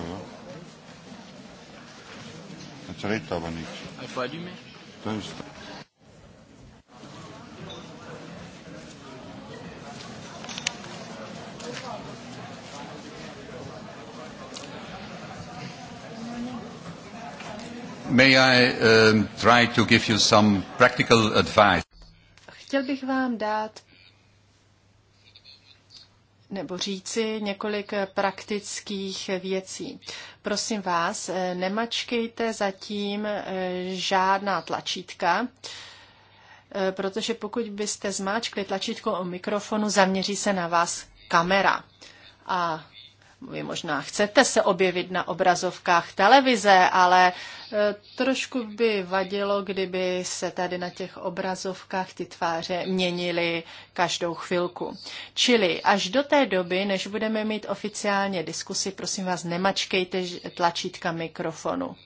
to, jo? A celý tabaník. A fladíme? To je May I uh, try to give you some practical advice? Chtěl bych vám dát nebo říci několik praktických věcí. Prosím vás, eh, nemačkejte zatím eh, žádná tlačítka, eh, protože pokud byste zmáčkli tlačítko o mikrofonu, zaměří se na vás kamera. A vy možná chcete se objevit na obrazovkách televize, ale e, trošku by vadilo, kdyby se tady na těch obrazovkách ty tváře měnily každou chvilku. Čili až do té doby, než budeme mít oficiálně diskusi, prosím vás, nemačkejte tlačítka mikrofonu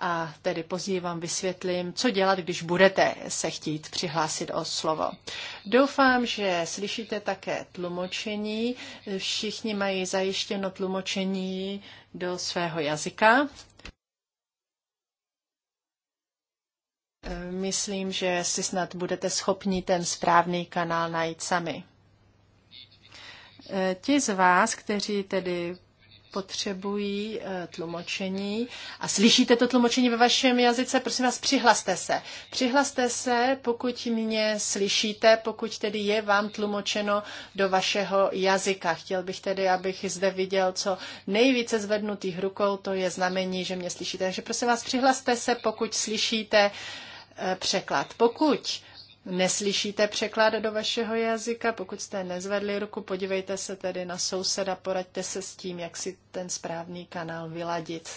a tedy později vám vysvětlím, co dělat, když budete se chtít přihlásit o slovo. Doufám, že slyšíte také tlumočení. Všichni mají zajištěno tlumočení do svého jazyka. Myslím, že si snad budete schopni ten správný kanál najít sami. Ti z vás, kteří tedy potřebují eh, tlumočení a slyšíte to tlumočení ve vašem jazyce, prosím vás, přihlaste se. Přihlaste se, pokud mě slyšíte, pokud tedy je vám tlumočeno do vašeho jazyka. Chtěl bych tedy, abych zde viděl co nejvíce zvednutých rukou, to je znamení, že mě slyšíte. Takže prosím vás, přihlaste se, pokud slyšíte eh, překlad. Pokud neslyšíte překlad do vašeho jazyka. Pokud jste nezvedli ruku, podívejte se tedy na souseda, poraďte se s tím, jak si ten správný kanál vyladit.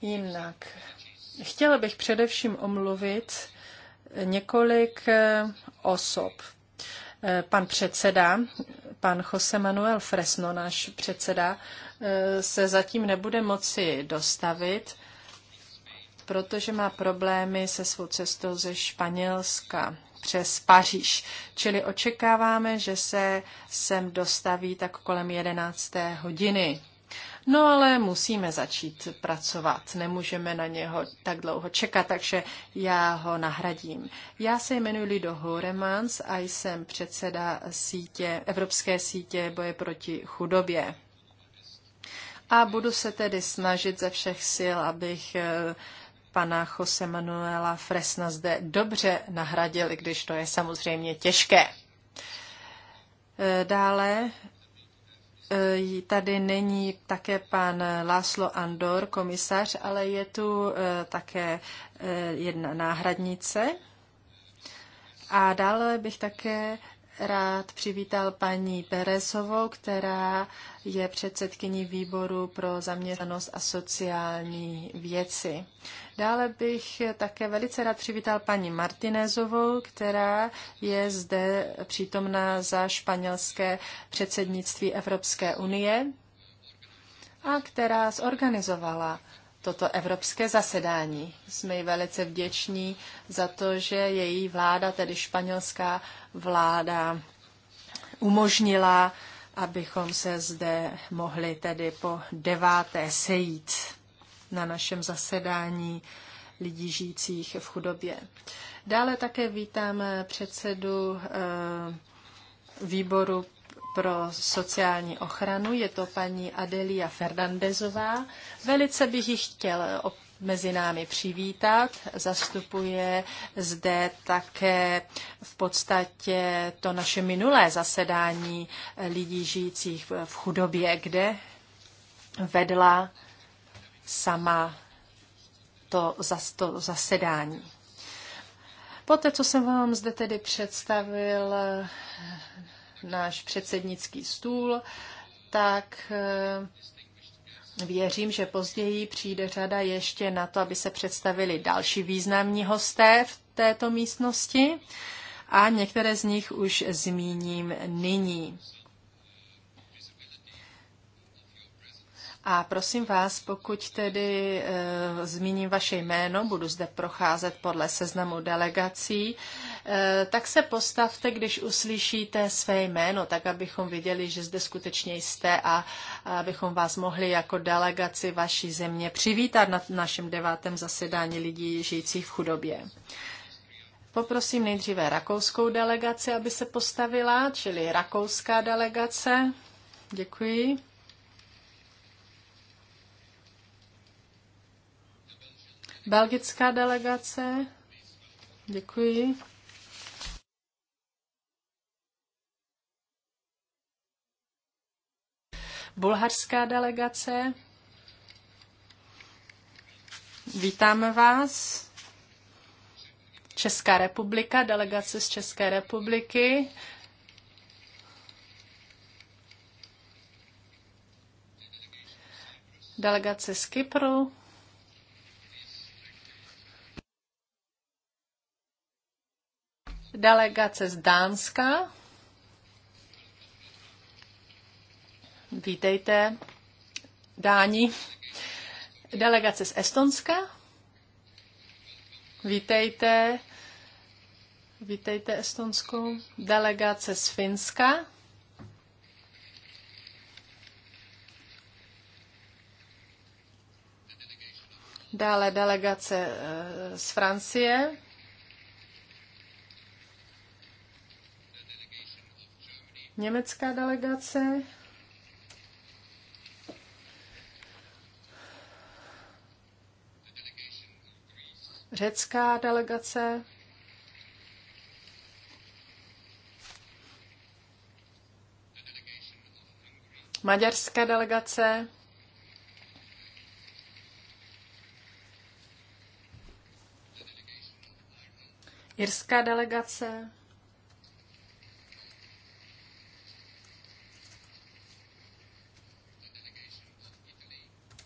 Jinak, chtěla bych především omluvit několik eh, osob. Eh, pan předseda, pan Jose Manuel Fresno, náš předseda, eh, se zatím nebude moci dostavit protože má problémy se svou cestou ze Španělska přes Paříž. Čili očekáváme, že se sem dostaví tak kolem 11. hodiny. No ale musíme začít pracovat, nemůžeme na něho tak dlouho čekat, takže já ho nahradím. Já se jmenuji Lido Horemans a jsem předseda sítě, Evropské sítě boje proti chudobě. A budu se tedy snažit ze všech sil, abych eh, pana Jose Manuela Fresna zde dobře nahradil, i když to je samozřejmě těžké. E, dále e, tady není také pan Láslo Andor, komisař, ale je tu e, také jedna náhradnice. A dále bych také rád přivítal paní Peresovou, která je předsedkyní výboru pro zaměstnanost a sociální věci. Dále bych také velice rád přivítal paní Martinezovou, která je zde přítomná za španělské předsednictví Evropské unie a která zorganizovala toto evropské zasedání. Jsme jí velice vděční za to, že její vláda, tedy španělská vláda, umožnila, abychom se zde mohli tedy po deváté sejít na našem zasedání lidí žijících v chudobě. Dále také vítám předsedu eh, výboru pro sociální ochranu, je to paní Adelia Fernandezová. Velice bych ji chtěl mezi námi přivítat. Zastupuje zde také v podstatě to naše minulé zasedání lidí žijících v chudobě, kde vedla sama to, zas, to zasedání. Poté, co jsem vám zde tedy představil náš předsednický stůl, tak eh, Věřím, že později přijde řada ještě na to, aby se představili další významní hosté v této místnosti a některé z nich už zmíním nyní. A prosím vás, pokud tedy e, zmíním vaše jméno, budu zde procházet podle seznamu delegací, e, tak se postavte, když uslyšíte své jméno, tak abychom viděli, že zde skutečně jste a, a abychom vás mohli jako delegaci vaší země přivítat na našem devátém zasedání lidí žijících v chudobě. Poprosím nejdříve rakouskou delegaci, aby se postavila, čili rakouská delegace. Děkuji. Belgická delegace. Děkuji. Bulharská delegace. Vítáme vás. Česká republika, delegace z České republiky. Delegace z Kypru. delegace z Dánska. Vítejte, Dáni. Delegace z Estonska. Vítejte, vítejte Estonskou. Delegace z Finska. Dále delegace eh, z Francie. německá delegace. Řecká delegace. Maďarská delegace. Irská delegace.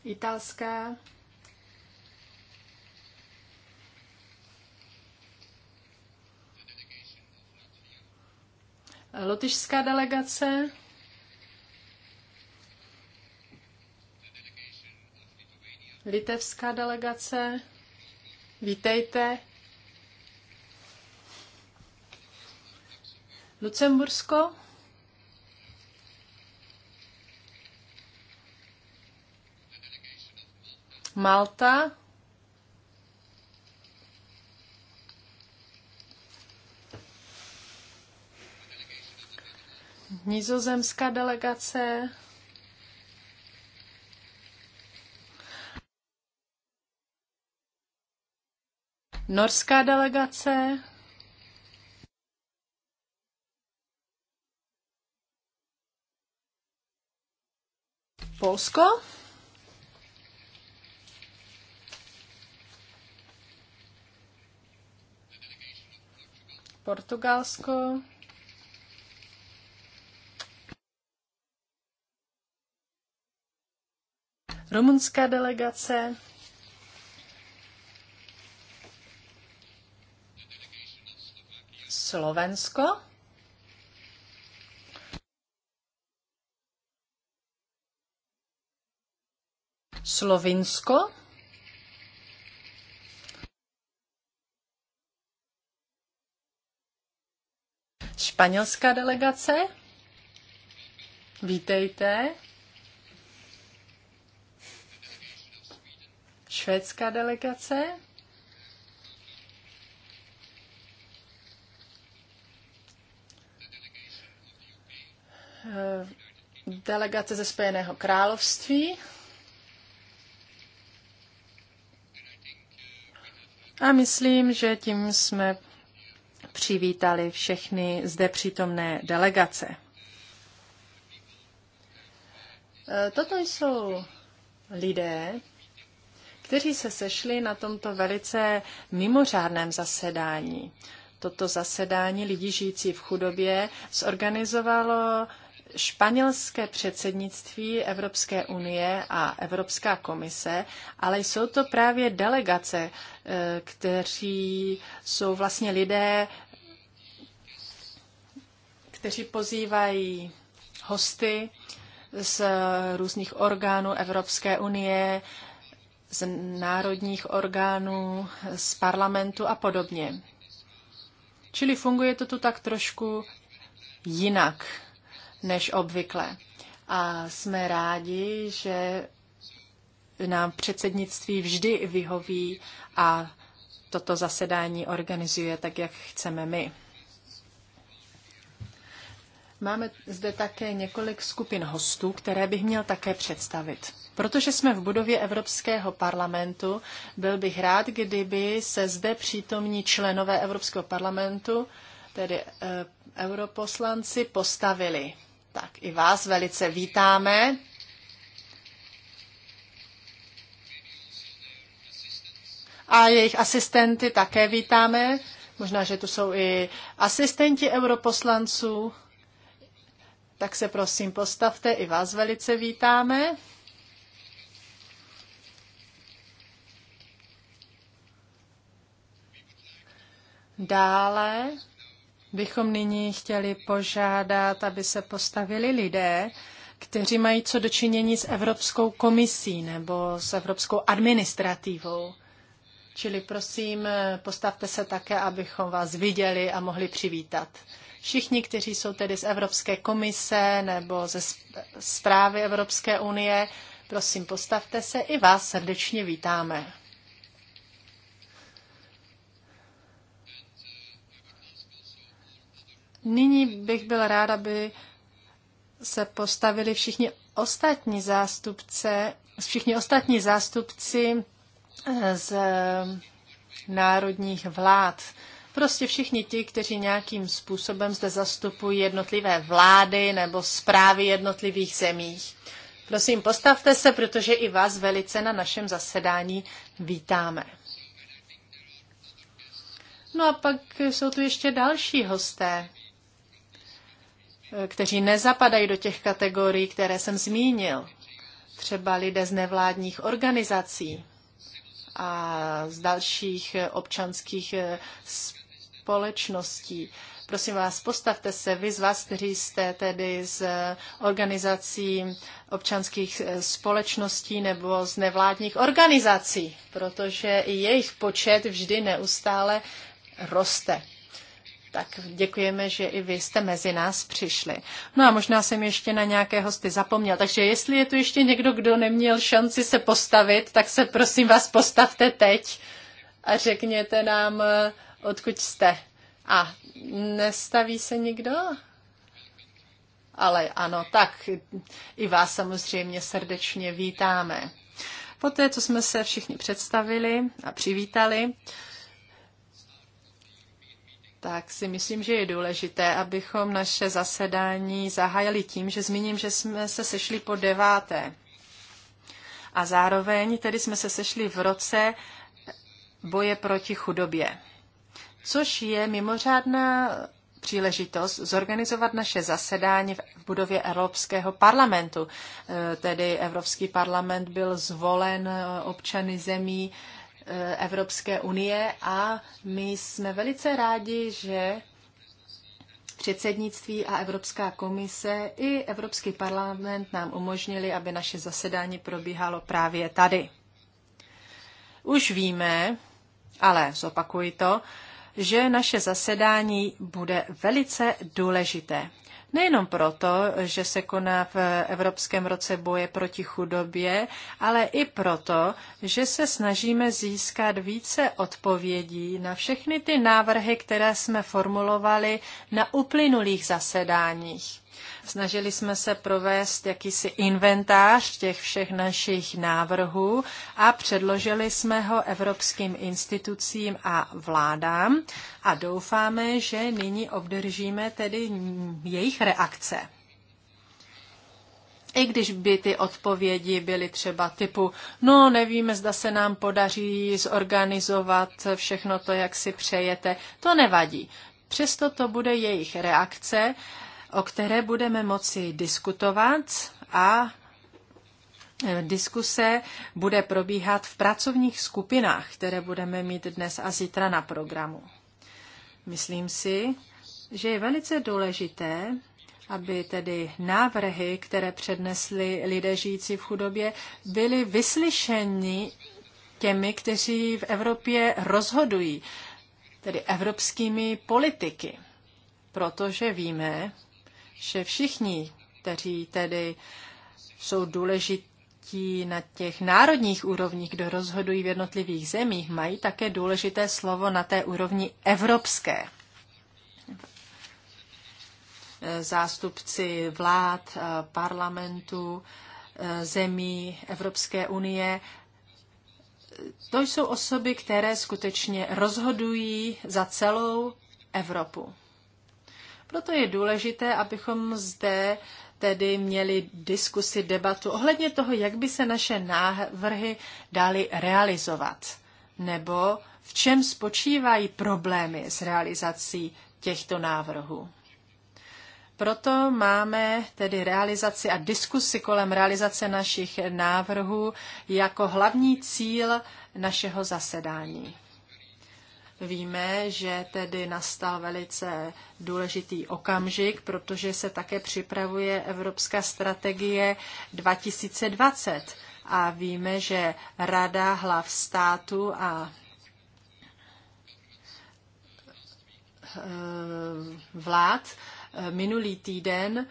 italské. Lotyšská delegace. Litevská delegace. Vítejte. Lucembursko. Malta. Nizozemská delegace. Norská delegace. Polsko. Portugalsko. Rumunská delegace. Slovensko. Slovinsko. španělská delegace. Vítejte. Švédská delegace. Delegace ze Spojeného království. A myslím, že tím jsme přivítali všechny zde přítomné delegace. E, toto jsou lidé, kteří se sešli na tomto velice mimořádném zasedání. Toto zasedání lidí žijící v chudobě zorganizovalo španělské předsednictví Evropské unie a Evropská komise, ale jsou to právě delegace, e, kteří jsou vlastně lidé kteří pozývají hosty z různých orgánů Evropské unie, z národních orgánů, z parlamentu a podobně. Čili funguje to tu tak trošku jinak než obvykle. A jsme rádi, že nám předsednictví vždy vyhoví a toto zasedání organizuje tak, jak chceme my. Máme zde také několik skupin hostů, které bych měl také představit. Protože jsme v budově Evropského parlamentu, byl bych rád, kdyby se zde přítomní členové Evropského parlamentu, tedy e, europoslanci, postavili. Tak i vás velice vítáme. A jejich asistenty také vítáme. Možná, že tu jsou i asistenti europoslanců tak se prosím postavte, i vás velice vítáme. Dále bychom nyní chtěli požádat, aby se postavili lidé, kteří mají co dočinění s Evropskou komisí nebo s Evropskou administrativou. Čili prosím, postavte se také, abychom vás viděli a mohli přivítat. Všichni, kteří jsou tedy z Evropské komise nebo ze zprávy Evropské unie, prosím, postavte se, i vás srdečně vítáme. Nyní bych byla ráda, aby se postavili všichni ostatní zástupce, všichni ostatní zástupci eh, z národních vlád. Prostě všichni ti, kteří nějakým způsobem zde zastupují jednotlivé vlády nebo zprávy jednotlivých zemích. Prosím, postavte se, protože i vás velice na našem zasedání vítáme. No a pak jsou tu ještě další hosté, kteří nezapadají do těch kategorií, které jsem zmínil. Třeba lidé z nevládních organizací a z dalších občanských společností eh, společností. Prosím vás, postavte se vy z vás, kteří jste tedy z eh, organizací občanských eh, společností nebo z nevládních organizací, protože jejich počet vždy neustále roste. Tak děkujeme, že i vy jste mezi nás přišli. No a možná jsem ještě na nějaké hosty zapomněl, takže jestli je tu ještě někdo, kdo neměl šanci se postavit, tak se prosím vás postavte teď a řekněte nám, eh, odkud jste. A nestaví se nikdo? Ale ano, tak i vás samozřejmě srdečně vítáme. Poté, co jsme se všichni představili a přivítali, tak si myslím, že je důležité, abychom naše zasedání zahájili tím, že zmíním, že jsme se sešli po deváté. A zároveň tedy jsme se sešli v roce boje proti chudobě což je mimořádná příležitost zorganizovat naše zasedání v budově Evropského parlamentu. Eh, tedy Evropský parlament byl zvolen eh, občany zemí eh, Evropské unie a my jsme velice rádi, že předsednictví a Evropská komise i Evropský parlament nám umožnili, aby naše zasedání probíhalo právě tady. Už víme, ale zopakuji to, že naše zasedání bude velice důležité. Nejenom proto, že se koná v Evropském roce boje proti chudobě, ale i proto, že se snažíme získat více odpovědí na všechny ty návrhy, které jsme formulovali na uplynulých zasedáních. Snažili jsme se provést jakýsi inventář těch všech našich návrhů a předložili jsme ho evropským institucím a vládám a doufáme, že nyní obdržíme tedy jejich reakce. I když by ty odpovědi byly třeba typu, no nevíme, zda se nám podaří zorganizovat všechno to, jak si přejete, to nevadí. Přesto to bude jejich reakce o které budeme moci diskutovat a e, Diskuse bude probíhat v pracovních skupinách, které budeme mít dnes a zítra na programu. Myslím si, že je velice důležité, aby tedy návrhy, které přednesli lidé žijící v chudobě, byly vyslyšeny těmi, kteří v Evropě rozhodují, tedy evropskými politiky. Protože víme, že všichni, kteří tedy jsou důležití na těch národních úrovních, kdo rozhodují v jednotlivých zemích, mají také důležité slovo na té úrovni evropské. Zástupci vlád, parlamentů, zemí Evropské unie to jsou osoby, které skutečně rozhodují za celou Evropu. Proto je důležité, abychom zde tedy měli diskusi, debatu ohledně toho, jak by se naše návrhy dali realizovat, nebo v čem spočívají problémy s realizací těchto návrhů. Proto máme tedy realizaci a diskusy kolem realizace našich návrhů jako hlavní cíl našeho zasedání. Víme, že tedy nastal velice důležitý okamžik, protože se také připravuje Evropská strategie 2020. A víme, že Rada hlav státu a e, vlád e, minulý týden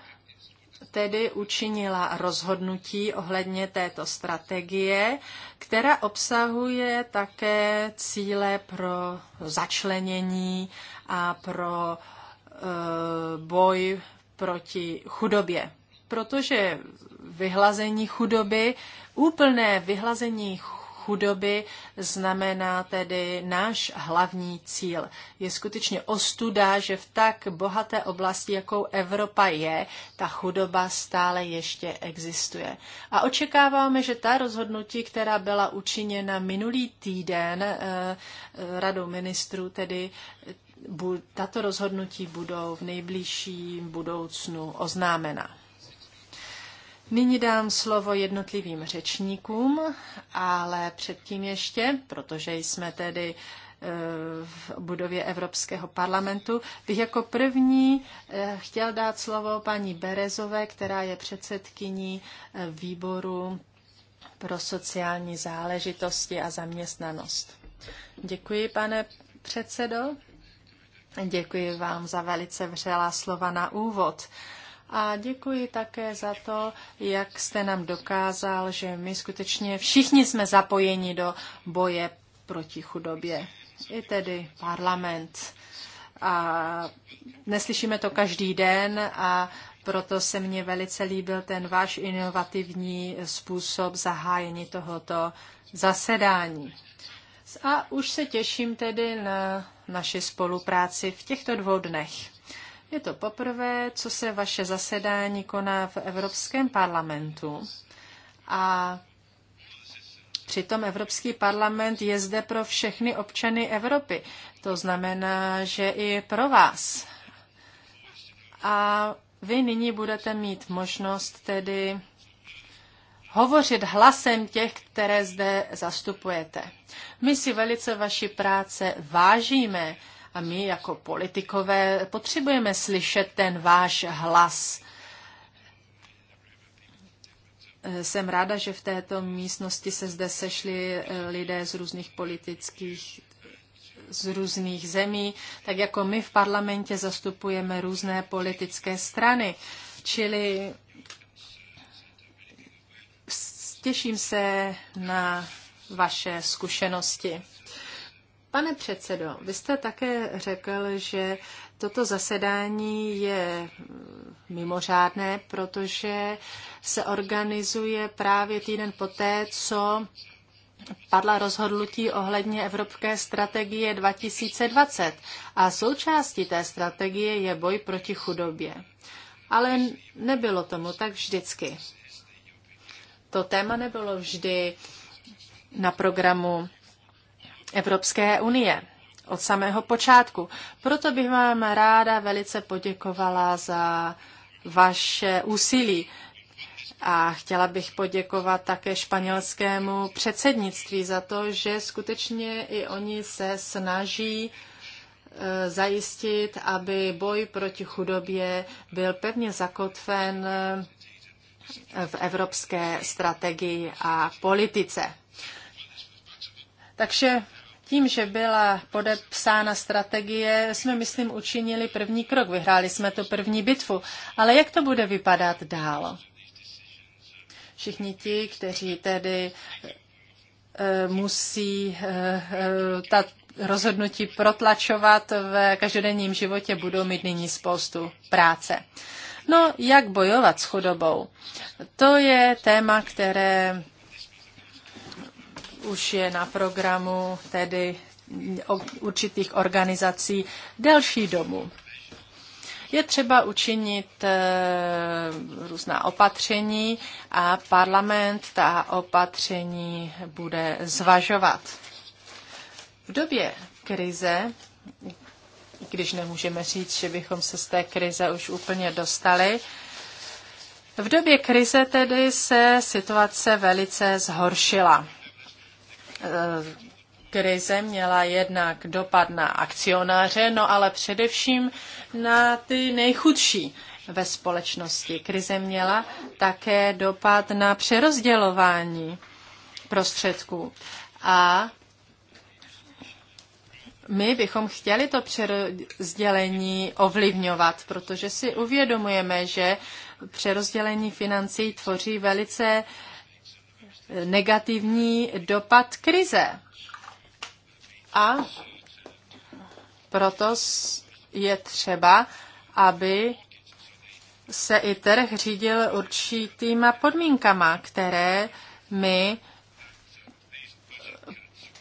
tedy učinila rozhodnutí ohledně této strategie, která obsahuje také cíle pro začlenění a pro eh, boj proti chudobě. Protože vyhlazení chudoby, úplné vyhlazení chudoby znamená tedy náš hlavní cíl. Je skutečně ostuda, že v tak bohaté oblasti, jakou Evropa je, ta chudoba stále ještě existuje. A očekáváme, že ta rozhodnutí, která byla učiněna minulý týden eh, eh, radou ministrů, tedy tato rozhodnutí budou v nejbližším budoucnu oznámena. Nyní dám slovo jednotlivým řečníkům, ale předtím ještě, protože jsme tedy e, v budově Evropského parlamentu, bych jako první e, chtěl dát slovo paní Berezové, která je předsedkyní e, výboru pro sociální záležitosti a zaměstnanost. Děkuji, pane předsedo. Děkuji vám za velice vřelá slova na úvod a děkuji také za to, jak jste nám dokázal, že my skutečně všichni jsme zapojeni do boje proti chudobě. I tedy parlament. A neslyšíme to každý den a proto se mně velice líbil ten váš inovativní způsob zahájení tohoto zasedání. A už se těším tedy na naši spolupráci v těchto dvou dnech. Je to poprvé, co se vaše zasedání koná v Evropském parlamentu. A Přitom Evropský parlament je zde pro všechny občany Evropy. To znamená, že i pro vás. A vy nyní budete mít možnost tedy hovořit hlasem těch, které zde zastupujete. My si velice vaši práce vážíme. A my jako politikové potřebujeme slyšet ten váš hlas. Jsem ráda, že v této místnosti se zde sešli eh, lidé z různých politických z různých zemí, tak jako my v parlamentě zastupujeme různé politické strany. Čili těším se na vaše zkušenosti. Pane předsedo, vy jste také řekl, že toto zasedání je mimořádné, protože se organizuje právě týden poté, co padla rozhodnutí ohledně Evropské strategie 2020 a součástí té strategie je boj proti chudobě. Ale nebylo tomu tak vždycky. To téma nebylo vždy na programu Evropské unie od samého počátku. Proto bych vám ráda velice poděkovala za vaše úsilí. A chtěla bych poděkovat také španělskému předsednictví za to, že skutečně i oni se snaží e, zajistit, aby boj proti chudobě byl pevně zakotven e, v evropské strategii a politice. Takže tím, že byla podepsána strategie, jsme, myslím, učinili první krok. Vyhráli jsme tu první bitvu. Ale jak to bude vypadat dál? Všichni ti, kteří tedy eh, musí eh, eh, ta rozhodnutí protlačovat v každodenním životě, budou mít nyní spoustu práce. No, jak bojovat s chudobou? To je téma, které už je na programu tedy určitých organizací delší domů. Je třeba učinit eh, různá opatření a parlament ta opatření bude zvažovat. V době krize, když nemůžeme říct, že bychom se z té krize už úplně dostali, v době krize tedy se situace velice zhoršila. Eh, krize měla jednak dopad na akcionáře, no ale především na ty nejchudší ve společnosti. Krize měla také dopad na přerozdělování prostředků. A my bychom chtěli to přerozdělení ovlivňovat, protože si uvědomujeme, že přerozdělení financí tvoří velice negativní dopad krize. A proto je třeba, aby se i trh řídil určitýma podmínkama, které my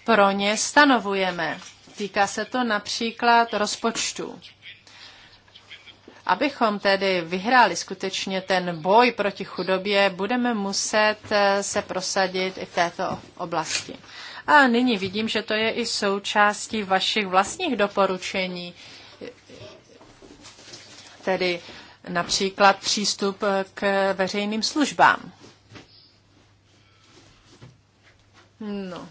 pro ně stanovujeme. Týká se to například rozpočtu. Abychom tedy vyhráli skutečně ten boj proti chudobě, budeme muset eh, se prosadit i v této oblasti. A nyní vidím, že to je i součástí vašich vlastních doporučení, tedy například přístup eh, k veřejným službám. No.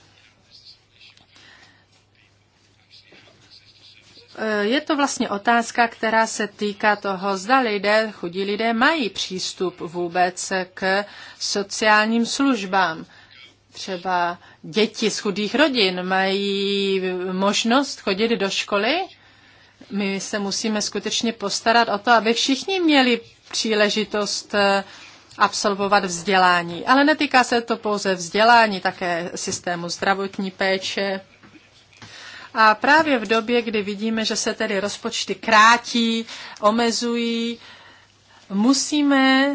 Eh, je to vlastně otázka, která se týká toho, zda lidé, chudí lidé mají přístup vůbec k sociálním službám. Třeba děti z chudých rodin mají možnost chodit do školy. My se musíme skutečně postarat o to, aby všichni měli příležitost eh, absolvovat vzdělání. Ale netýká se to pouze vzdělání, také systému zdravotní péče a právě v době, kdy vidíme, že se tedy rozpočty krátí, omezují, musíme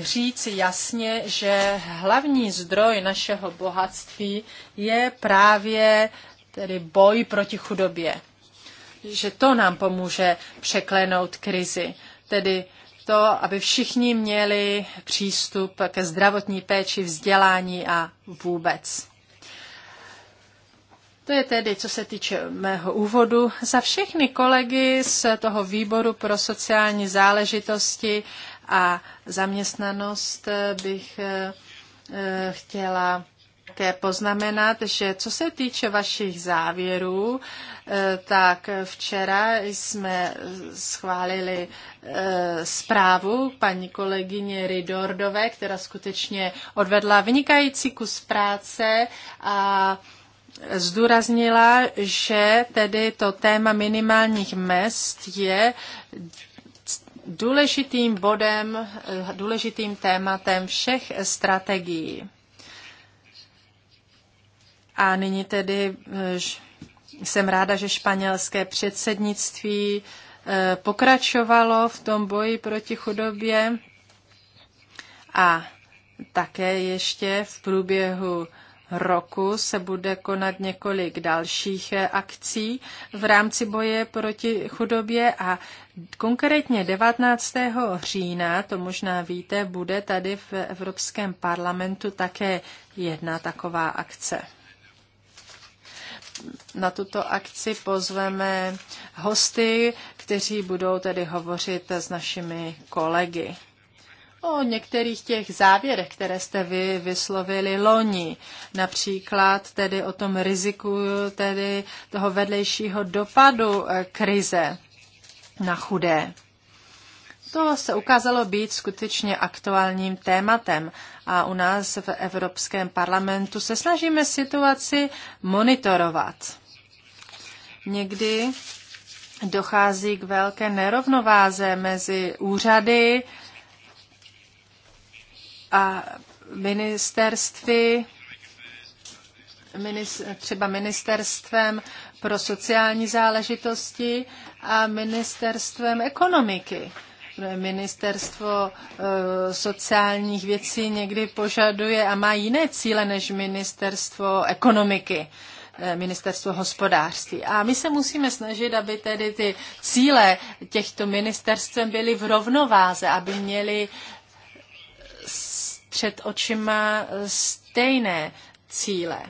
říci jasně, že hlavní zdroj našeho bohatství je právě tedy boj proti chudobě. Že to nám pomůže překlenout krizi. Tedy to, aby všichni měli přístup ke zdravotní péči, vzdělání a vůbec to je tedy, co se týče mého úvodu. Za všechny kolegy z toho výboru pro sociální záležitosti a zaměstnanost bych eh, eh, chtěla také poznamenat, že co se týče vašich závěrů, eh, tak včera jsme schválili zprávu paní kolegyně Ridordové, která skutečně odvedla vynikající kus práce a zdůraznila, že tedy to téma minimálních mest je důležitým bodem, důležitým tématem všech strategií. A nyní tedy eh, jsem ráda, že španělské předsednictví eh, pokračovalo v tom boji proti chudobě a také ještě v průběhu roku se bude konat několik dalších eh, akcí v rámci boje proti chudobě a konkrétně 19. října, to možná víte, bude tady v Evropském parlamentu také jedna taková akce na tuto akci pozveme hosty, kteří budou tedy hovořit s našimi kolegy o některých těch závěrech, které jste vy vyslovili loni. Například tedy o tom riziku tedy toho vedlejšího dopadu eh, krize na chudé. To se ukázalo být skutečně aktuálním tématem a u nás v Evropském parlamentu se snažíme situaci monitorovat. Někdy dochází k velké nerovnováze mezi úřady, a ministerství, třeba ministerstvem pro sociální záležitosti a ministerstvem ekonomiky. Ministerstvo eh, sociálních věcí někdy požaduje a má jiné cíle než ministerstvo ekonomiky eh, ministerstvo hospodářství. A my se musíme snažit, aby tedy ty cíle těchto ministerstv byly v rovnováze, aby měly před očima stejné cíle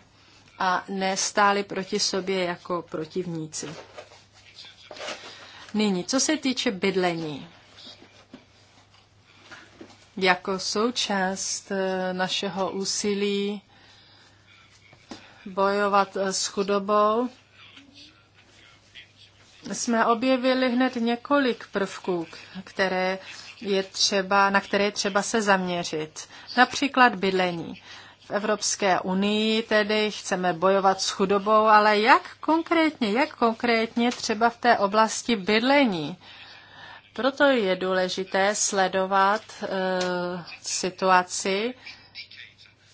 a nestáli proti sobě jako protivníci. Nyní, co se týče bydlení. Jako součást eh, našeho úsilí bojovat eh, s chudobou jsme objevili hned několik prvků, které je třeba, na které je třeba se zaměřit. Například bydlení. V Evropské unii tedy chceme bojovat s chudobou, ale jak konkrétně, jak konkrétně třeba v té oblasti bydlení? Proto je důležité sledovat uh, situaci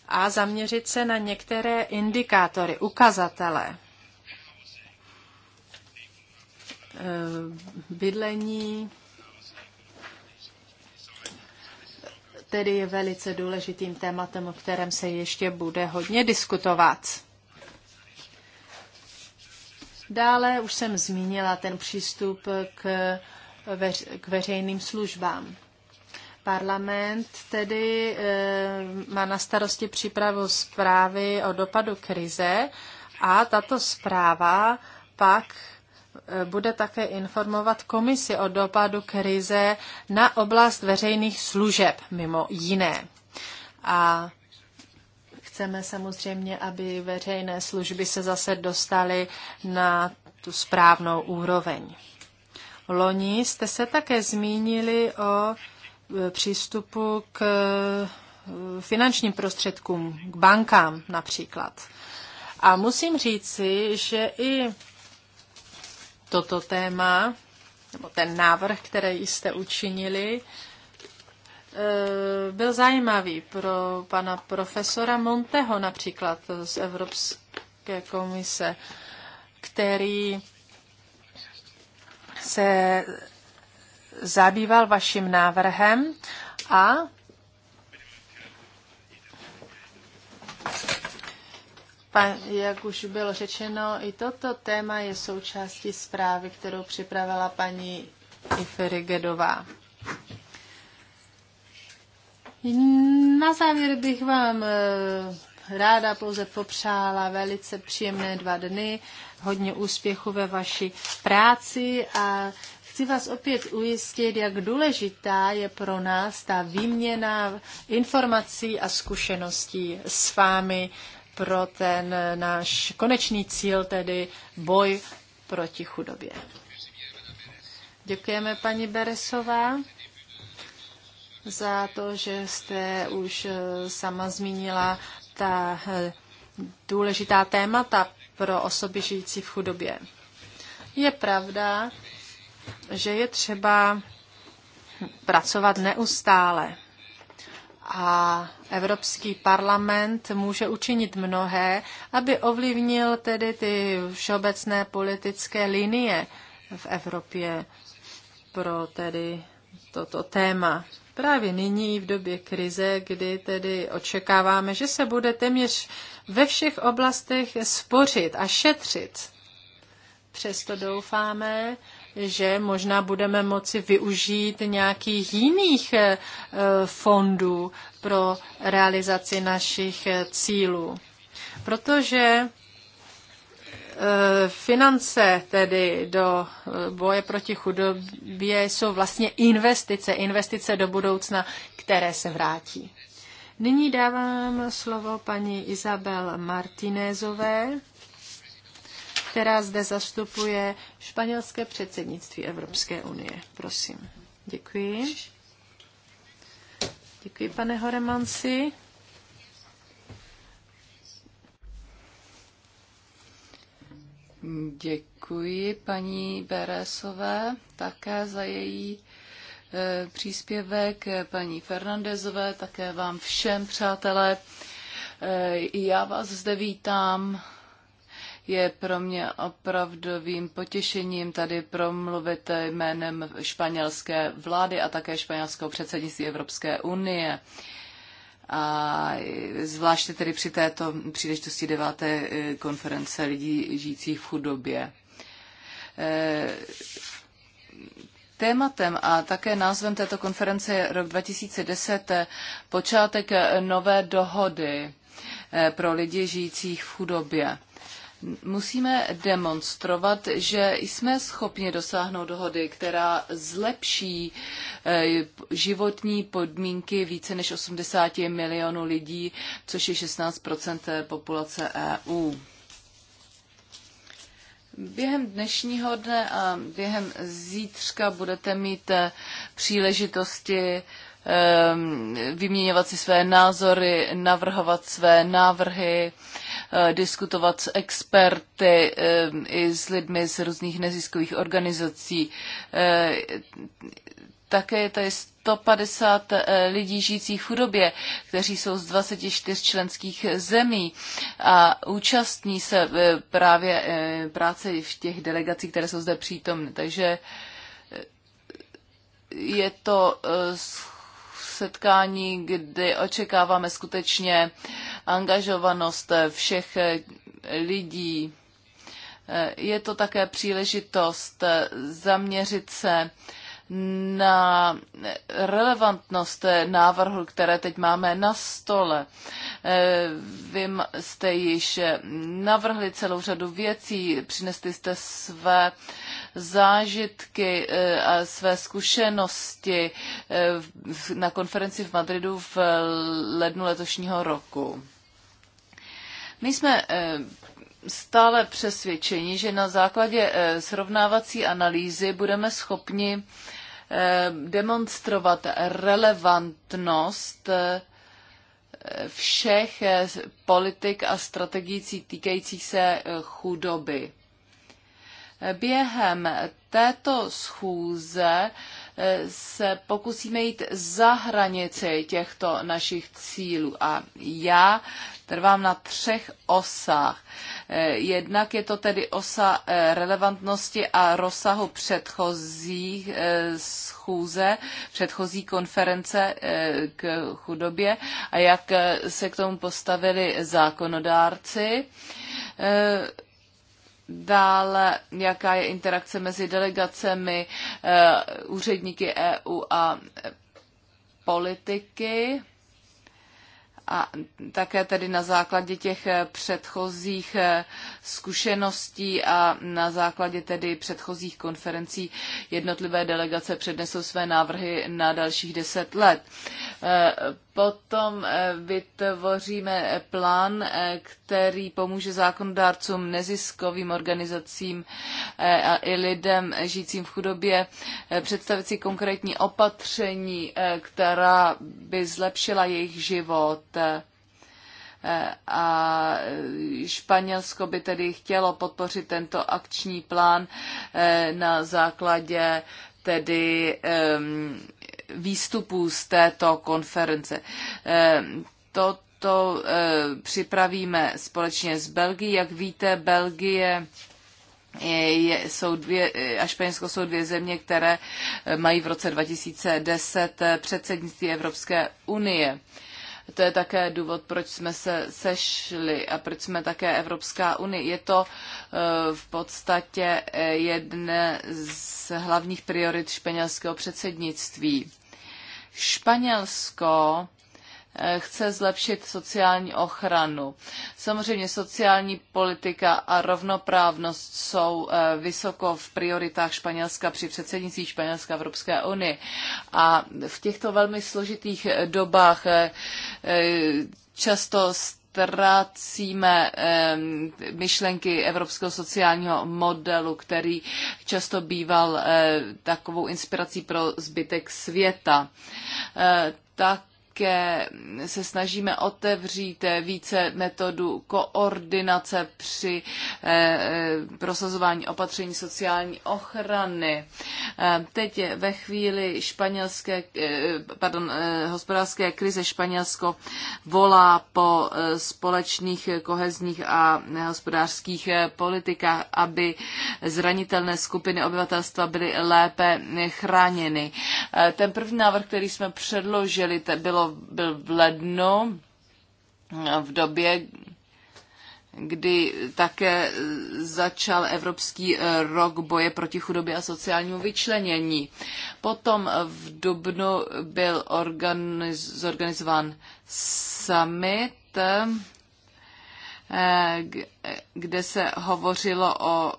a zaměřit se na některé indikátory, ukazatele. Uh, bydlení, tedy je velice důležitým tématem, o kterém se ještě bude hodně diskutovat. Dále už jsem zmínila ten přístup k, veř, k veřejným službám. Parlament tedy eh, má na starosti přípravu zprávy o dopadu krize a tato zpráva pak Eh, bude také informovat komisi o dopadu krize na oblast veřejných služeb, mimo jiné. A chceme samozřejmě, aby veřejné služby se zase dostaly na tu správnou úroveň. Loni jste se také zmínili o eh, přístupu k eh, finančním prostředkům, k bankám například. A musím říci, že i toto téma, nebo ten návrh, který jste učinili, e, byl zajímavý pro pana profesora Monteho například z Evropské komise, který se zabýval vaším návrhem a jak už bylo řečeno, i toto téma je součástí zprávy, kterou připravila paní Iferigedová. Na závěr bych vám eh, ráda pouze popřála velice příjemné dva dny, hodně úspěchu ve vaší práci a chci vás opět ujistit, jak důležitá je pro nás ta výměna informací a zkušeností s vámi pro ten náš konečný cíl, tedy boj proti chudobě. Děkujeme paní Beresová za to, že jste už eh, sama zmínila ta eh, důležitá témata pro osoby žijící v chudobě. Je pravda, že je třeba pracovat neustále a Evropský parlament může učinit mnohé, aby ovlivnil tedy ty všeobecné politické linie v Evropě pro tedy toto téma. Právě nyní, v době krize, kdy tedy očekáváme, že se bude téměř ve všech oblastech spořit a šetřit. Přesto doufáme, že možná budeme moci využít nějakých jiných eh, fondů pro realizaci našich eh, cílů. Protože eh, finance tedy do boje proti chudobě jsou vlastně investice, investice do budoucna, které se vrátí. Nyní dávám slovo paní Izabel Martinézové která zde zastupuje španělské předsednictví Evropské unie. Prosím. Děkuji. Děkuji, pane Horemansi. Děkuji paní Beresové také za její e, příspěvek, paní Fernandezové, také vám všem, přátelé. E, I já vás zde vítám je pro mě opravdovým potěšením tady promluvit jménem španělské vlády a také španělského předsednictví Evropské unie. A zvláště tedy při této příležitosti deváté eh, konference lidí žijících v chudobě. Eh, tématem a také názvem této konference je rok 2010 eh, počátek nové dohody pro lidi žijících v chudobě. Musíme demonstrovat, že jsme schopni dosáhnout dohody, která zlepší eh, životní podmínky více než 80 milionů lidí, což je 16 populace EU. Během dnešního dne a během zítřka budete mít eh, příležitosti eh, vyměňovat si své názory, navrhovat své návrhy Eh, diskutovat s experty eh, i s lidmi z různých neziskových organizací. Eh, také to je 150 lidí žijících v chudobě, kteří jsou z 24 členských zemí a účastní se právě práce v těch delegacích, které jsou zde přítomny. Takže je to setkání, kdy očekáváme skutečně angažovanost všech lidí. Je to také příležitost zaměřit se na relevantnost návrhu, které teď máme na stole. Vy jste již navrhli celou řadu věcí, přinesli jste své zážitky a své zkušenosti na konferenci v Madridu v lednu letošního roku. My jsme eh, stále přesvědčeni, že na základě eh, srovnávací analýzy budeme schopni eh, demonstrovat relevantnost všech politik a strategií týkajících se chudoby. Během této schůze se pokusíme jít za hranici těchto našich cílů. A já trvám na třech osách. Eh, jednak je to tedy osa eh, relevantnosti a rozsahu předchozích eh, schůze, předchozí konference k chudobě a jak se k tomu postavili zákonodárci Dále, jaká je interakce mezi delegacemi, eh, úředníky EU a politiky. A také tedy na základě těch eh, předchozích eh, zkušeností a na základě tedy předchozích konferencí jednotlivé delegace přednesou své návrhy na dalších deset let. Potom eh, vytvoříme eh, plán, eh, který pomůže zákonodárcům, neziskovým organizacím a i lidem žijícím v chudobě představit si konkrétní opatření, která by zlepšila jejich život a Španělsko by tedy chtělo podpořit tento akční plán na základě tedy um, výstupů z této konference. Eh, toto eh, připravíme společně s Belgií. Jak víte, Belgie je, jsou dvě, eh, a Španělsko jsou dvě země, které mají v roce 2010 předsednictví Evropské unie. To je také důvod, proč jsme se sešli a proč jsme také Evropská unie. Je to eh, v podstatě eh, jedna z hlavních priorit španělského předsednictví. Španělsko Eh, chce zlepšit sociální ochranu. Samozřejmě sociální politika a rovnoprávnost jsou eh, vysoko v prioritách Španělska při předsednictví Španělska Evropské unie. A v těchto velmi složitých eh, dobách často ztrácíme myšlenky evropského sociálního modelu, který často býval takovou inspirací pro zbytek světa. Tak také se snažíme otevřít eh, více metodu koordinace při eh, eh, prosazování opatření sociální ochrany. Teď je ve chvíli španělské, pardon, hospodářské krize Španělsko volá po společných kohezních a hospodářských politikách, aby zranitelné skupiny obyvatelstva byly lépe chráněny. Ten první návrh, který jsme předložili, bylo byl v lednu, v době, kdy také začal Evropský rok boje proti chudobě a sociálnímu vyčlenění. Potom v Dubnu byl organiz, zorganizován summit, kde se hovořilo o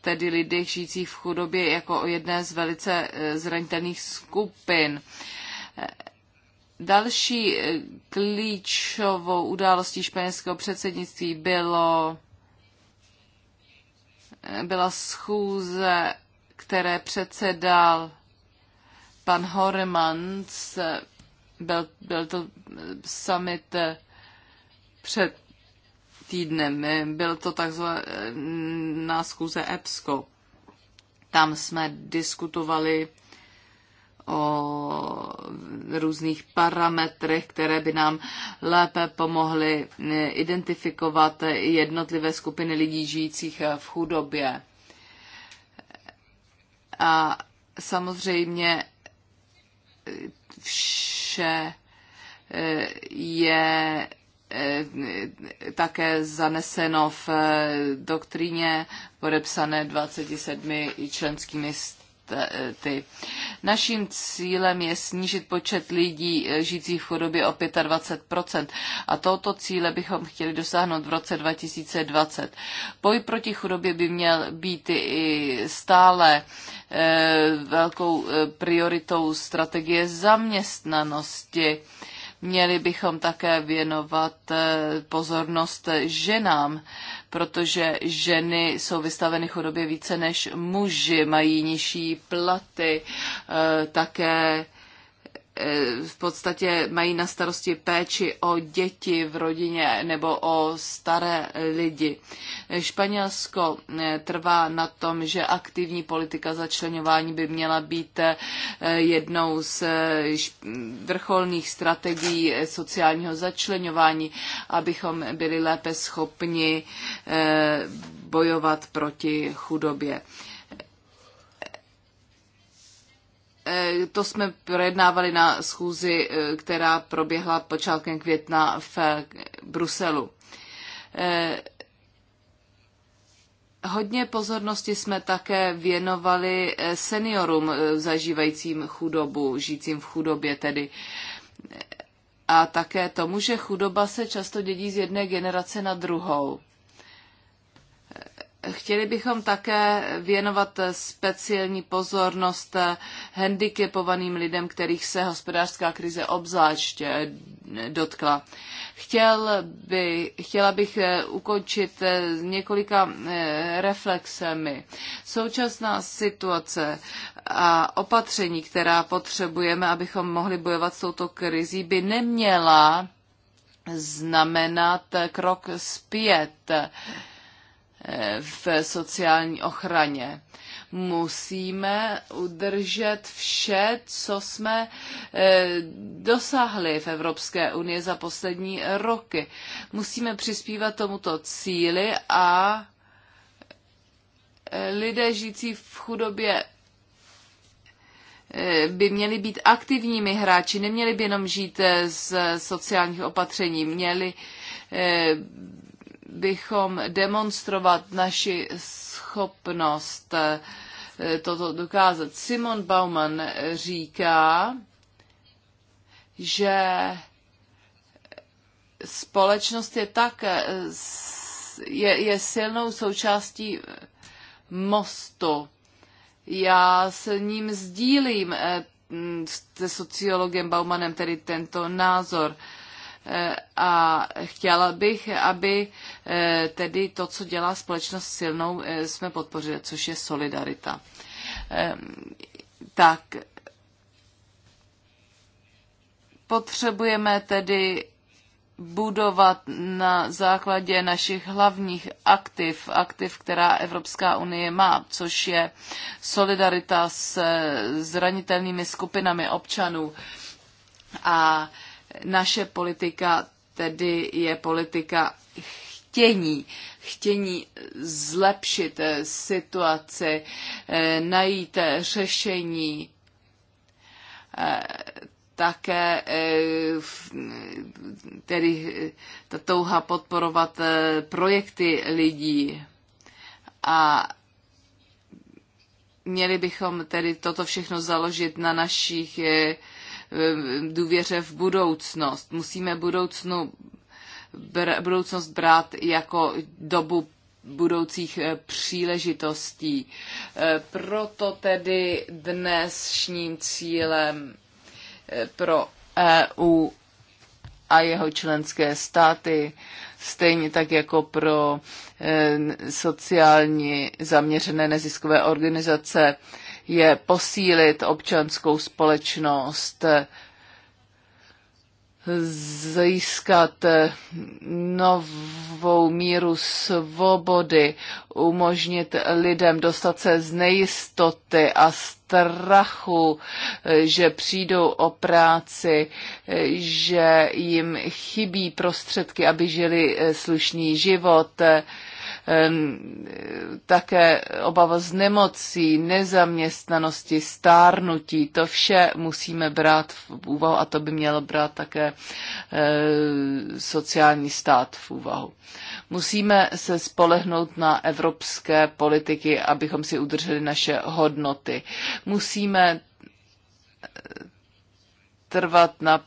tedy lidech žijících v chudobě jako o jedné z velice eh, zranitelných skupin Další eh, klíčovou událostí španělského předsednictví bylo, eh, byla schůze, které předsedal pan Hormans. Byl, byl to eh, summit před týdnem. Byl to takzvaná schůze EPSCO. Tam jsme diskutovali o různých parametrech, které by nám lépe pomohly eh, identifikovat jednotlivé skupiny lidí žijících eh, v chudobě. A samozřejmě eh, vše je také zaneseno v doktríně podepsané 27 členskými státy ty. Naším cílem je snížit počet lidí eh, žijících v chudobě o 25 a tohoto cíle bychom chtěli dosáhnout v roce 2020. Boj proti chudobě by měl být i stále eh, velkou eh, prioritou strategie zaměstnanosti. Měli bychom také věnovat eh, pozornost ženám, protože ženy jsou vystaveny chudobě více než muži, mají nižší platy, eh, také Eh, v podstatě mají na starosti péči o děti v rodině nebo o staré lidi. Španělsko eh, trvá na tom, že aktivní politika začlenování by měla být eh, jednou z vrcholných strategií sociálního začlenování, abychom byli lépe schopni bojovat proti chudobě. Eh, to jsme projednávali na schůzi, eh, která proběhla počátkem května v eh, Bruselu. Hodně pozornosti jsme také věnovali seniorům zažívajícím chudobu, žijícím v chudobě tedy. A také tomu, že chudoba se často dědí z jedné generace na druhou. Chtěli bychom také věnovat speciální pozornost handicapovaným lidem, kterých se hospodářská krize obzvlášť eh, dotkla. Chtěl by, chtěla bych eh, ukončit eh, několika reflexemi. Současná situace a opatření, která potřebujeme, abychom mohli bojovat s touto krizí, by neměla znamenat krok zpět v sociální ochraně. Musíme udržet vše, co jsme eh, dosáhli v Evropské unii za poslední roky. Musíme přispívat tomuto cíli a eh, lidé žijící v chudobě eh, by měli být aktivními hráči, neměli by jenom žít z sociálních opatření, měli bychom demonstrovat naši schopnost eh, toto dokázat. Simon Bauman říká, že společnost je tak, eh, je, je silnou součástí mostu. Já s ním sdílím eh, se sociologem Baumanem tedy tento názor. Eh, a chtěla bych, aby eh, tedy to, co dělá společnost silnou, eh, jsme podpořili, což je solidarita. Tak potřebujeme tedy budovat na základě našich hlavních aktiv, aktiv, která Evropská unie má, což je solidarita s zranitelnými skupinami občanů. A naše politika tedy je politika chtění, chtění zlepšit eh, situaci, eh, najít eh, řešení, také tedy ta touha podporovat projekty lidí. A měli bychom tedy toto všechno založit na našich Eh, důvěře v budoucnost. Musíme budoucnu, br, budoucnost brát jako dobu budoucích eh, příležitostí. Eh, proto tedy dnešním cílem pro EU a jeho členské státy, stejně tak jako pro sociální zaměřené neziskové organizace, je posílit občanskou společnost, získat novou míru svobody, umožnit lidem dostat se z nejistoty a strachu, že přijdou o práci, že jim chybí prostředky, aby žili slušný život, také obava z nemocí, nezaměstnanosti, stárnutí, to vše musíme brát v úvahu a to by mělo brát také eh, sociální stát v úvahu. Musíme se spolehnout na evropské politiky, abychom si udrželi naše hodnoty. Musíme eh, trvat na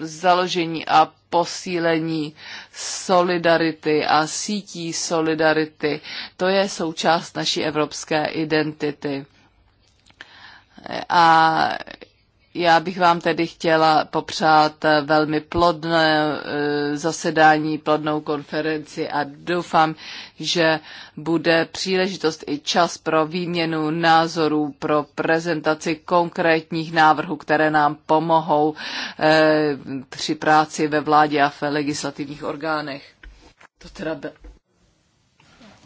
založení a posílení solidarity a sítí solidarity. To je součást naší evropské identity. A já bych vám tedy chtěla popřát velmi plodné e, zasedání, plodnou konferenci a doufám, že bude příležitost i čas pro výměnu názorů, pro prezentaci konkrétních návrhů, které nám pomohou e, při práci ve vládě a v legislativních orgánech. To teda byl.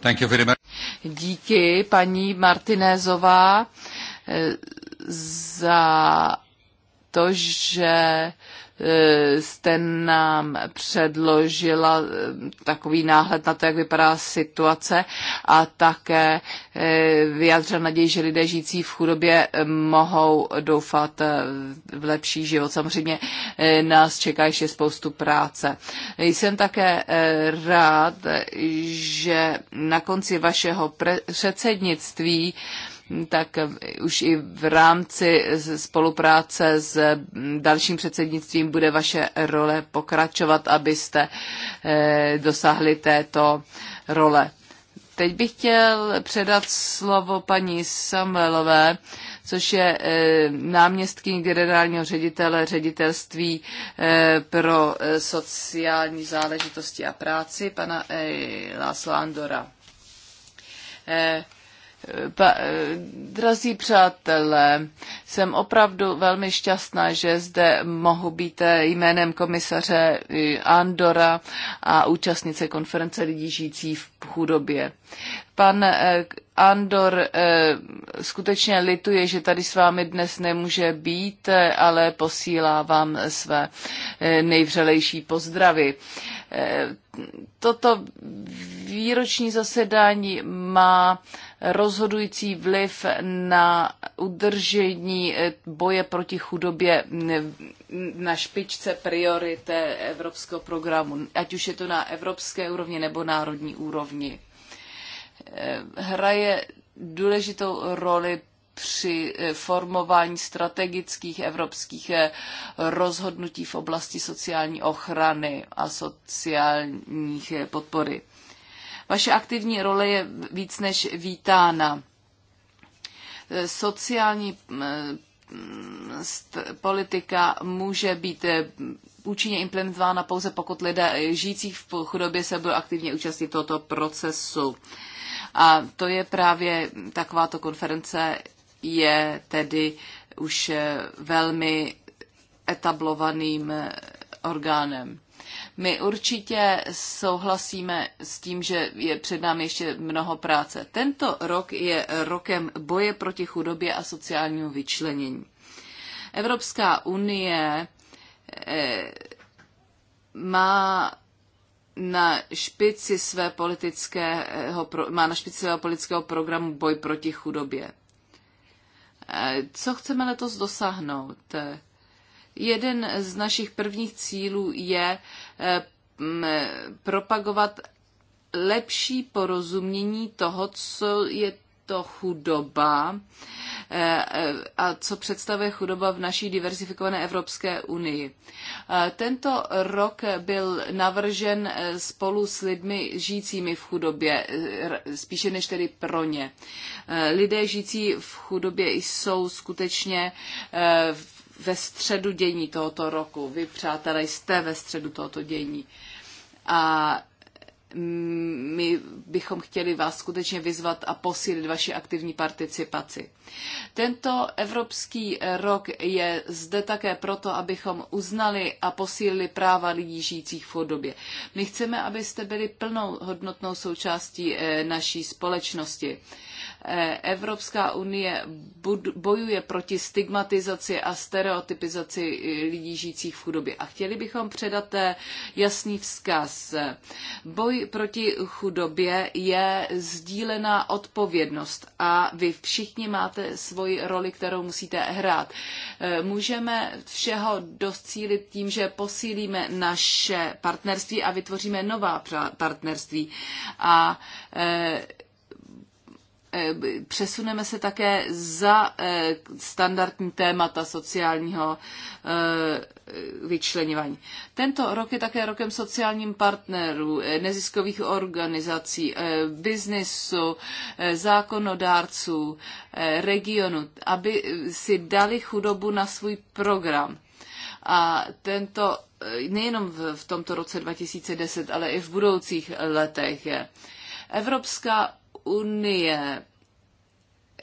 Thank you very much. Díky, paní Martinézová, e, za to, že e, jste nám předložila e, takový náhled na to, jak vypadá situace a také e, vyjádřila naději, že lidé žijící v chudobě mohou doufat v lepší život. Samozřejmě nás čeká ještě spoustu práce. Jsem také rád, že na konci vašeho předsednictví tak už i v rámci spolupráce s dalším předsednictvím bude vaše role pokračovat, abyste eh, dosáhli této role. Teď bych chtěl předat slovo paní Samuelové, což je e, generálního ředitele ředitelství eh, pro sociální záležitosti a práci pana Laslandora. Andora. Pa, eh, drazí přátelé, jsem opravdu velmi šťastná, že zde mohu být eh, jménem komisaře eh, Andora a účastnice konference lidí žijící v chudobě. Pan Andor skutečně lituje, že tady s vámi dnes nemůže být, ale posílá vám své nejvřelejší pozdravy. Toto výroční zasedání má rozhodující vliv na udržení eh, boje proti chudobě mm, mm, na špičce priorit evropského programu, ať už je to na evropské úrovni nebo národní úrovni. Eh, hraje důležitou roli při eh, formování strategických evropských rozhodnutí v oblasti sociální ochrany a sociálních podpory. Vaše aktivní role je víc než vítána. Eh, sociální mm, mm, politika může být eh, účinně implementována pouze pokud lidé žijící v chudobě se budou aktivně účastnit tohoto procesu. A to je právě takováto konference je tedy už eh, velmi etablovaným orgánem. My určitě souhlasíme s tím, že je před námi ještě mnoho práce. Tento rok je rokem boje proti chudobě a sociálnímu vyčlenění. Evropská unie eh, má na špici své politického, má na špici svého politického programu boj proti chudobě. Eh, co chceme letos dosáhnout? Eh, jeden z našich prvních cílů je Eh, propagovat lepší porozumění toho, co je to chudoba eh, a co představuje chudoba v naší diversifikované Evropské unii. Eh, tento rok byl navržen spolu s lidmi žijícími v chudobě, spíše než tedy pro ně. Lidé žijící v chudobě jsou skutečně v ve středu dění tohoto roku. Vy, přátelé, jste ve středu tohoto dění. A my bychom chtěli vás skutečně vyzvat a posílit vaši aktivní participaci. Tento Evropský rok je zde také proto, abychom uznali a posílili práva lidí žijících v chudobě. My chceme, abyste byli plnou hodnotnou součástí eh, naší společnosti. Eh, Evropská unie bojuje proti stigmatizaci a stereotypizaci eh, lidí žijících v chudobě. A chtěli bychom předat eh, jasný vzkaz. Boj proti chudobě je sdílená odpovědnost a vy všichni máte svoji roli, kterou musíte hrát. Můžeme všeho docílit tím, že posílíme naše partnerství a vytvoříme nová partnerství. A Eh, přesuneme se také za eh, standardní témata sociálního eh, vyčlenování. Tento rok je také rokem sociálním partnerů, neziskových organizací, biznisu, zákonodárců, regionu, aby si dali chudobu na svůj program. A tento nejenom v tomto roce 2010, ale i v budoucích letech. je Evropská unie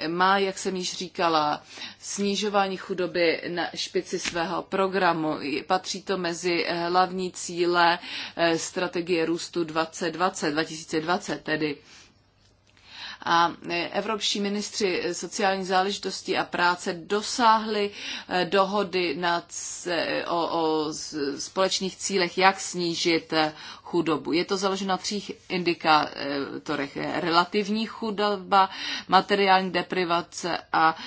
má, jak jsem již říkala, snižování chudoby na špici svého programu. Patří to mezi hlavní cíle eh, strategie růstu 2020, 2020 tedy a e, evropští ministři sociální záležitosti a práce dosáhli e, dohody nad, e, o, o společných cílech, jak snížit chudobu. Je to založeno na třích indikátorech. Relativní chudoba, materiální deprivace a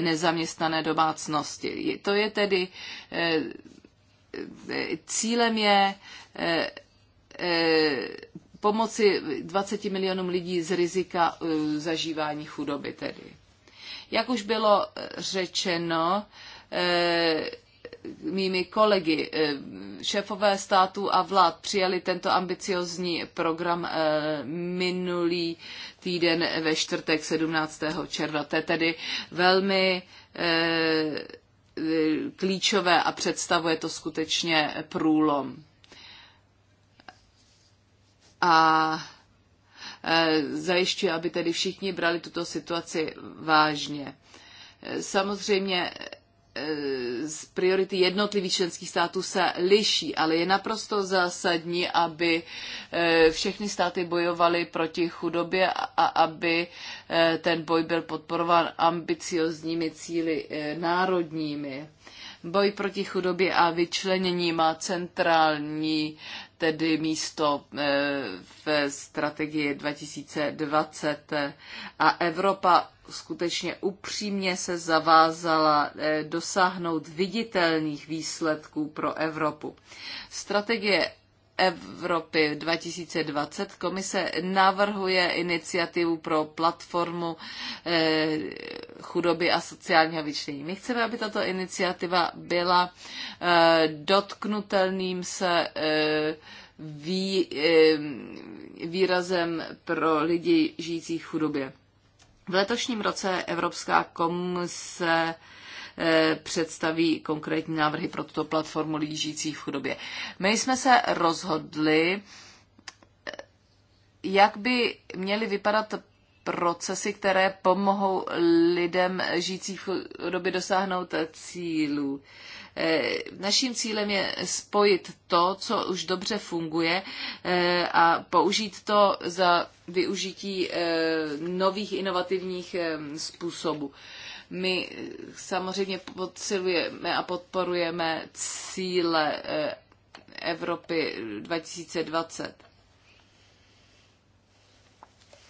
nezaměstnané domácnosti. To je tedy cílem je pomoci 20 milionům lidí z rizika eh, zažívání chudoby tedy. Jak už bylo eh, řečeno eh, mými kolegy, šéfové států a vlád přijali tento ambiciozní program minulý týden ve čtvrtek 17. června. To je tedy velmi klíčové a představuje to skutečně průlom a e, zajišťuje, aby tedy všichni brali tuto situaci vážně. E, samozřejmě e, z priority jednotlivých členských států se liší, ale je naprosto zásadní, aby všechny státy bojovaly proti chudobě a aby ten boj byl podporován ambiciozními cíly národními. Boj proti chudobě a vyčlenění má centrální tedy místo eh, v strategii 2020. Eh, a Evropa skutečně upřímně se zavázala eh, dosáhnout viditelných výsledků pro Evropu. Strategie Evropy 2020 komise navrhuje iniciativu pro platformu eh, chudoby a sociálního vyčlení. My chceme, aby tato iniciativa byla eh, dotknutelným se eh, vý, výrazem pro lidi žijící v chudobě. V letošním roce Evropská komise Eh, představí konkrétní návrhy pro tuto platformu lidí žijících v chudobě. My jsme se rozhodli, eh, jak by měly vypadat procesy, které pomohou lidem žijící v chudobě dosáhnout cílů. Eh, naším cílem je spojit to, co už dobře funguje a použít to za využití nových inovativních způsobů. My samozřejmě podsilujeme a podporujeme cíle eh, Evropy 2020.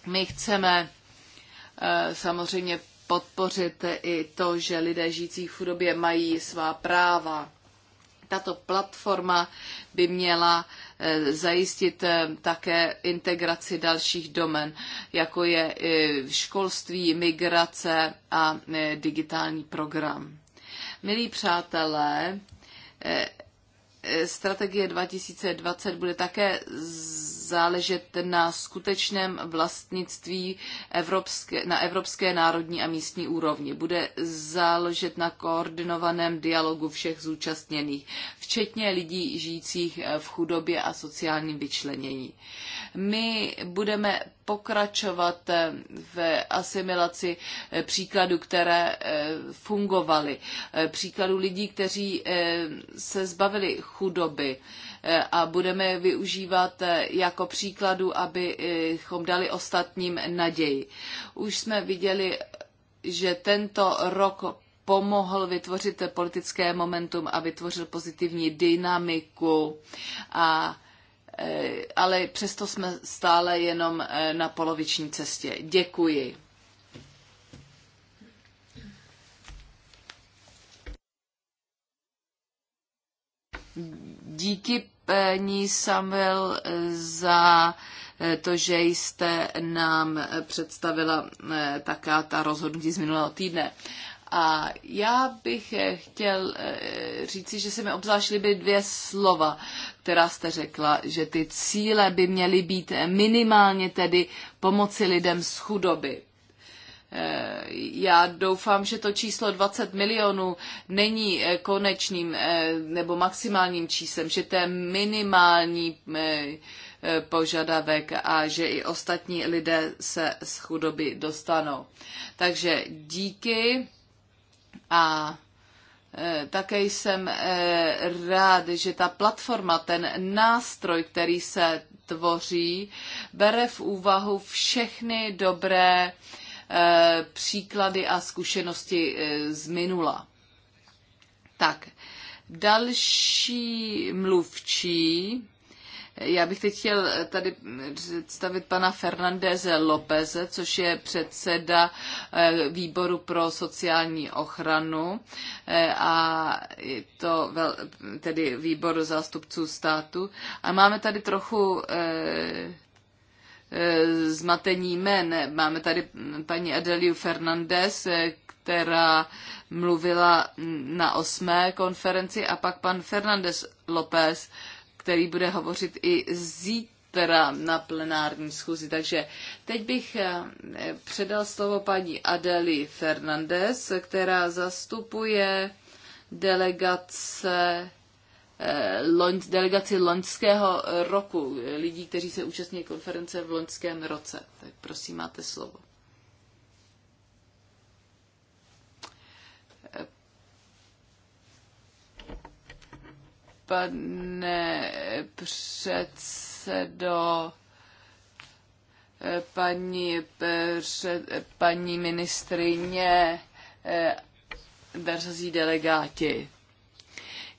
My chceme eh, samozřejmě podpořit i to, že lidé žijící v chudobě mají svá práva. Tato platforma by měla Eh, zajistit eh, také integraci dalších domen, jako je eh, školství, migrace a digitální program. Milí přátelé, strategie 2020 bude také z záležet na skutečném vlastnictví evropské, na evropské národní a místní úrovni. Bude záležet na koordinovaném dialogu všech zúčastněných, včetně lidí žijících v chudobě a sociálním vyčlenění. My budeme pokračovat v asimilaci příkladů, které eh, fungovaly, eh, příkladů lidí, kteří eh, se zbavili chudoby, Eh, a budeme využívat eh, jako příkladu, abychom dali ostatním naději. Už jsme viděli, že tento rok pomohl vytvořit politické momentum a vytvořil pozitivní dynamiku. A, eh, ale přesto jsme stále jenom na poloviční cestě. Děkuji díky paní Samuel za eh, to, že jste nám eh, představila eh, taká ta rozhodnutí z minulého týdne. A já bych chtěl říci, že se mi obzvlášť by dvě slova, která jste řekla, že ty cíle by měly být minimálně tedy pomoci lidem z chudoby. Já doufám, že to číslo 20 milionů není eh, konečným eh, nebo maximálním číslem, že to je minimální eh, požadavek a že i ostatní lidé se z chudoby dostanou. Takže díky a také jsem rád, že ta platforma, ten nástroj, který se tvoří, bere v úvahu všechny dobré Eh, příklady a zkušenosti eh, z minula. Tak, další mluvčí, já bych teď chtěl tady představit pana Fernandeze Lopeze, což je předseda eh, výboru pro sociální ochranu a je to vel, tedy výboru zástupců státu. A máme tady trochu Eh, zmatení jmen. Máme tady paní Adeliu Fernandez, eh, která mluvila na osmé konferenci a pak pan Fernandez López, který bude hovořit i zítra na plenární schůzi. Takže teď bych eh, předal slovo paní Adeli Fernandez, která zastupuje delegace Eh, loň, delegaci loňského roku, eh, lidí, kteří se účastní konference v loňském roce. Tak prosím, máte slovo. Eh, pane předsedo, paní, před, paní ministrině, drzí delegáti.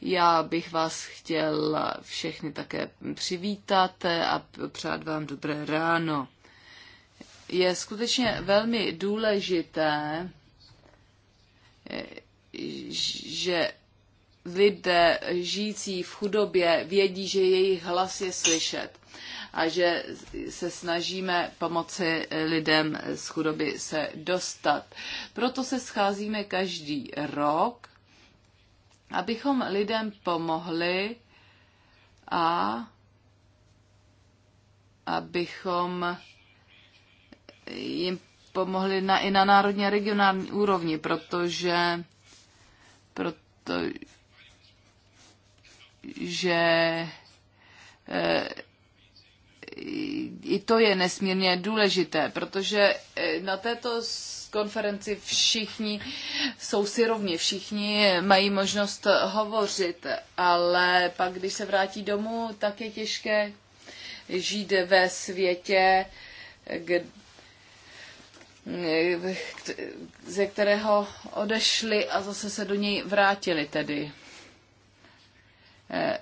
Já bych vás chtěl všechny také přivítat a přát vám dobré ráno. Je skutečně velmi důležité, že lidé žijící v chudobě vědí, že jejich hlas je slyšet a že se snažíme pomoci lidem z chudoby se dostat. Proto se scházíme každý rok abychom lidem pomohli a abychom jim pomohli na, i na národní a regionální úrovni, protože, protože eh, i to je nesmírně důležité, protože e, na této konferenci všichni jsou si rovni, všichni mají možnost hovořit, ale pak, když se vrátí domů, tak je těžké žít ve světě, ze kterého odešli a zase se do něj vrátili tedy. E,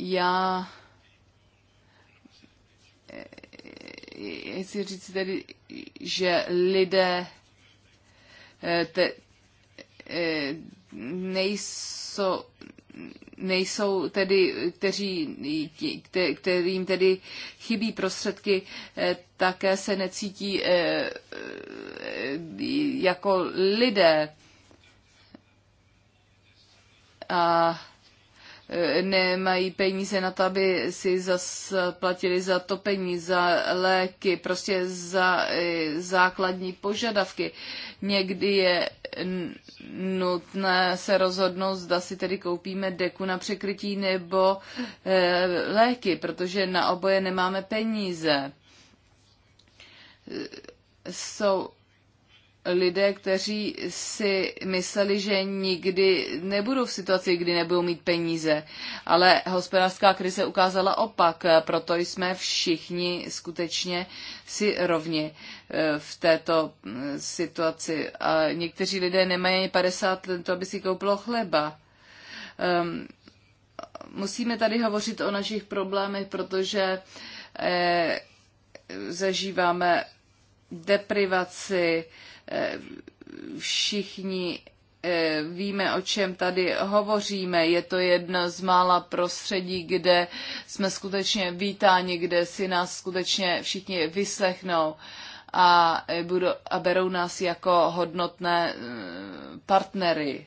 já eh, chci říct tedy, že lidé eh, te, eh, nejsou, nejsou tedy, kteří, kterým tedy chybí prostředky, také se necítí jako lidé. A Eh, nemají peníze na to, aby si zaplatili za topení, za léky, prostě za eh, základní požadavky. Někdy je nutné se rozhodnout, zda si tedy koupíme deku na překrytí nebo eh, léky, protože na oboje nemáme peníze. Jsou lidé, kteří si mysleli, že nikdy nebudou v situaci, kdy nebudou mít peníze. Ale hospodářská krize ukázala opak, proto jsme všichni skutečně si rovni eh, v této mm, situaci. A někteří lidé nemají ani 50 let, to, aby si koupilo chleba. Ehm, musíme tady hovořit o našich problémech, protože eh, zažíváme deprivaci, Eh, všichni eh, víme, o čem tady hovoříme. Je to jedno z mála prostředí, kde jsme skutečně vítáni, kde si nás skutečně všichni vyslechnou a, eh, budou, a berou nás jako hodnotné partnery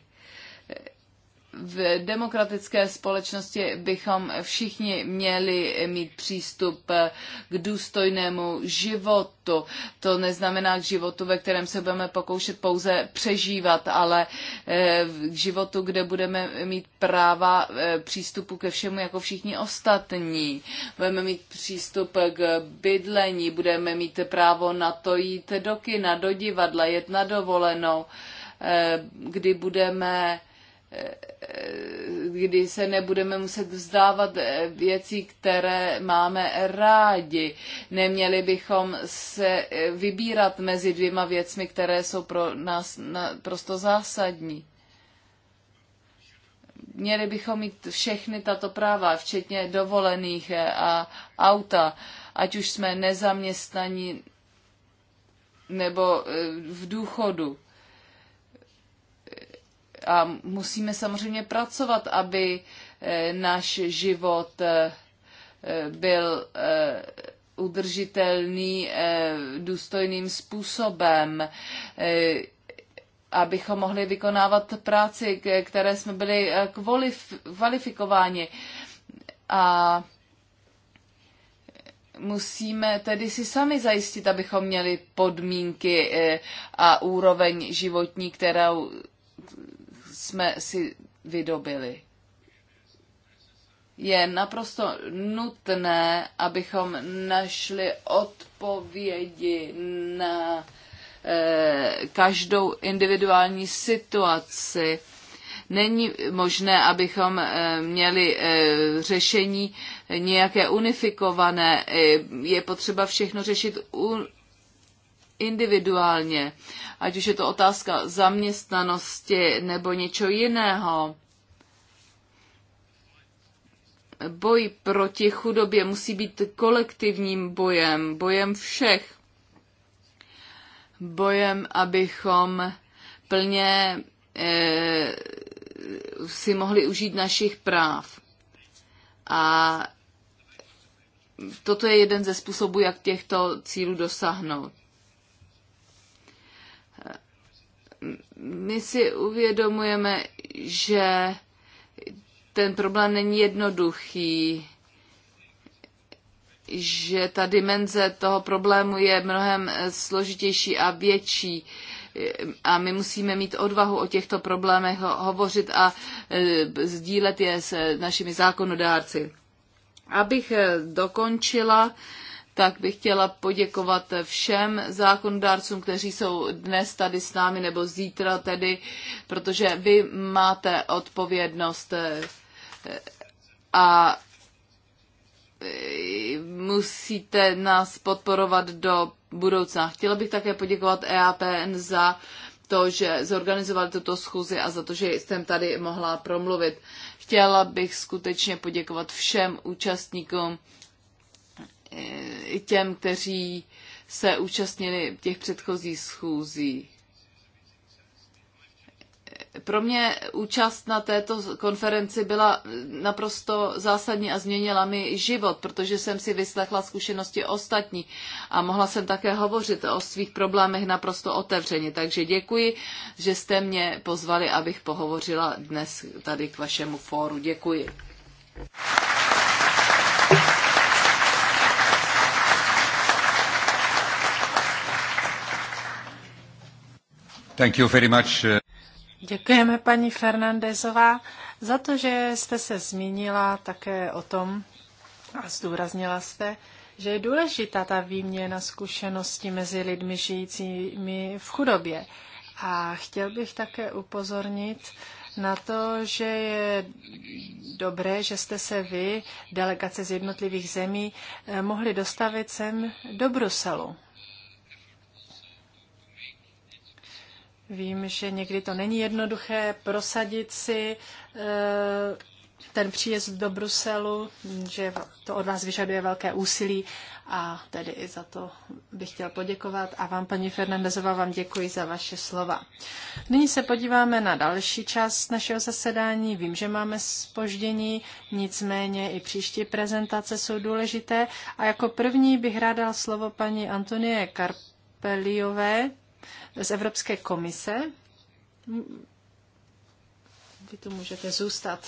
v demokratické společnosti bychom všichni měli mít přístup k důstojnému životu. To neznamená k životu, ve kterém se budeme pokoušet pouze přežívat, ale eh, k životu, kde budeme mít práva eh, přístupu ke všemu jako všichni ostatní. Budeme mít přístup k bydlení, budeme mít právo na to jít do kina, do divadla, jet na dovolenou, eh, kdy budeme kdy se nebudeme muset vzdávat věcí, které máme rádi. Neměli bychom se vybírat mezi dvěma věcmi, které jsou pro nás prosto zásadní. Měli bychom mít všechny tato práva, včetně dovolených a auta, ať už jsme nezaměstnaní nebo v důchodu a musíme samozřejmě pracovat, aby eh, náš život eh, eh, byl udržitelný důstojným způsobem, abychom mohli vykonávat práci, které jsme byli kvalifikováni. A musíme tedy si sami zajistit, abychom měli podmínky a úroveň životní, kterou jsme si vydobili. Je naprosto nutné, abychom našli odpovědi na eh, každou individuální situaci. Není možné, abychom eh, měli eh, řešení nějaké unifikované. Je potřeba všechno řešit individuálně, ať už je to otázka zaměstnanosti nebo něčeho jiného. Boj proti chudobě musí být kolektivním bojem, bojem všech. Bojem, abychom plně e, si mohli užít našich práv. A toto je jeden ze způsobů, jak těchto cílů dosáhnout. my si uvědomujeme, že ten problém není jednoduchý, že ta dimenze toho problému je mnohem složitější a větší a my musíme mít odvahu o těchto problémech hovořit a e, sdílet je s našimi zákonodárci. Abych e, dokončila, tak bych chtěla poděkovat všem zákonodárcům, kteří jsou dnes tady s námi nebo zítra tedy, protože vy máte odpovědnost a e, musíte nás podporovat do budoucna. Chtěla bych také poděkovat EAPN za to, že zorganizovali tuto schůzi a za to, že jsem tady mohla promluvit. Chtěla bych skutečně poděkovat všem účastníkům i těm, kteří se účastnili těch předchozích schůzí. Pro mě účast na této konferenci byla naprosto zásadní a změnila mi život, protože jsem si vyslechla zkušenosti ostatní a mohla jsem také hovořit o svých problémech naprosto otevřeně. Takže děkuji, že jste mě pozvali, abych pohovořila dnes tady k vašemu fóru. Děkuji. Thank you very much. Eh. Děkujeme paní Fernandezová za to, že jste se zmínila také o tom a zdůraznila jste, že je důležitá ta výměna zkušeností mezi lidmi žijícími v chudobě. A chtěl bych také upozornit na to, že je dobré, že jste se vy, delegace z jednotlivých zemí, eh, mohli dostavit sem do Bruselu. Vím, že někdy to není jednoduché prosadit si eh, ten příjezd do Bruselu, že to od vás vyžaduje velké úsilí a tedy i za to bych chtěl poděkovat a vám, paní Fernandezová, vám děkuji za vaše slova. Nyní se podíváme na další část našeho zasedání. Vím, že máme spoždění, nicméně i příští prezentace jsou důležité. A jako první bych ráda slovo paní Antonie Karpeliové, z Evropské komise. Vy tu můžete zůstat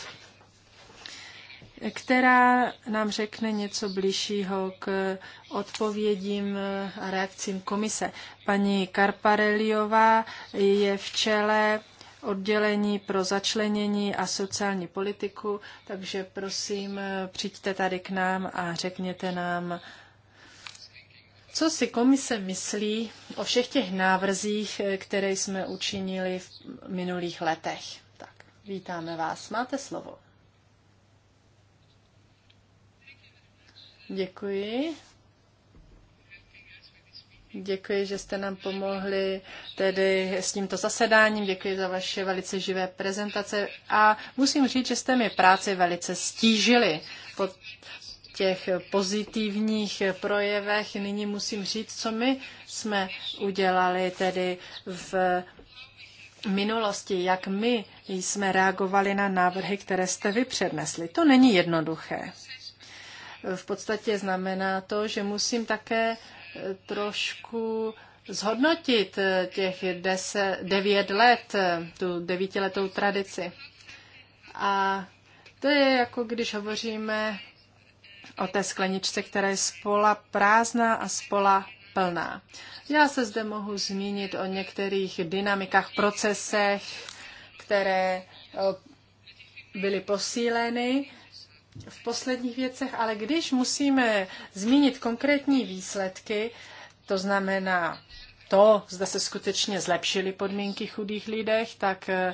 která nám řekne něco blížšího k odpovědím a reakcím komise. Paní Karpareliová je v čele oddělení pro začlenění a sociální politiku, takže prosím, přijďte tady k nám a řekněte nám, co si komise myslí o všech těch návrzích, které jsme učinili v minulých letech? Tak, vítáme vás. Máte slovo. Děkuji. Děkuji, že jste nám pomohli tedy s tímto zasedáním, děkuji za vaše velice živé prezentace a musím říct, že jste mi práci velice stížili těch pozitivních projevech nyní musím říct, co my jsme udělali tedy v minulosti, jak my jsme reagovali na návrhy, které jste vy přednesli. To není jednoduché. V podstatě znamená to, že musím také eh, trošku zhodnotit eh, těch deset, devět let, eh, tu devítiletou tradici. A to je jako když hovoříme o té skleničce, která je spola prázdná a spola plná. Já se zde mohu zmínit o některých dynamikách, procesech, které eh, byly posíleny v posledních věcech, ale když musíme zmínit konkrétní výsledky, to znamená to, zda se skutečně zlepšily podmínky chudých lidech, tak eh,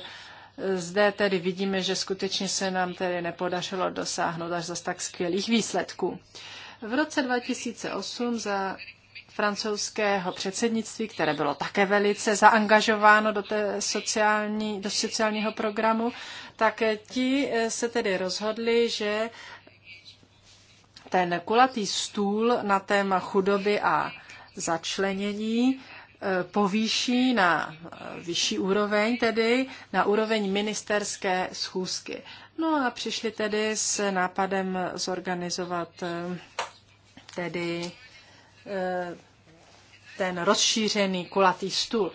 zde tedy vidíme, že skutečně se nám tedy nepodařilo dosáhnout až zase tak skvělých výsledků. V roce 2008 za francouzského předsednictví, které bylo také velice zaangažováno do, té sociální, do sociálního programu, tak ti se tedy rozhodli, že ten kulatý stůl na téma chudoby a začlenění povýší na vyšší úroveň, tedy na úroveň ministerské schůzky. No a přišli tedy s nápadem zorganizovat eh, tedy eh, ten rozšířený kulatý stůl.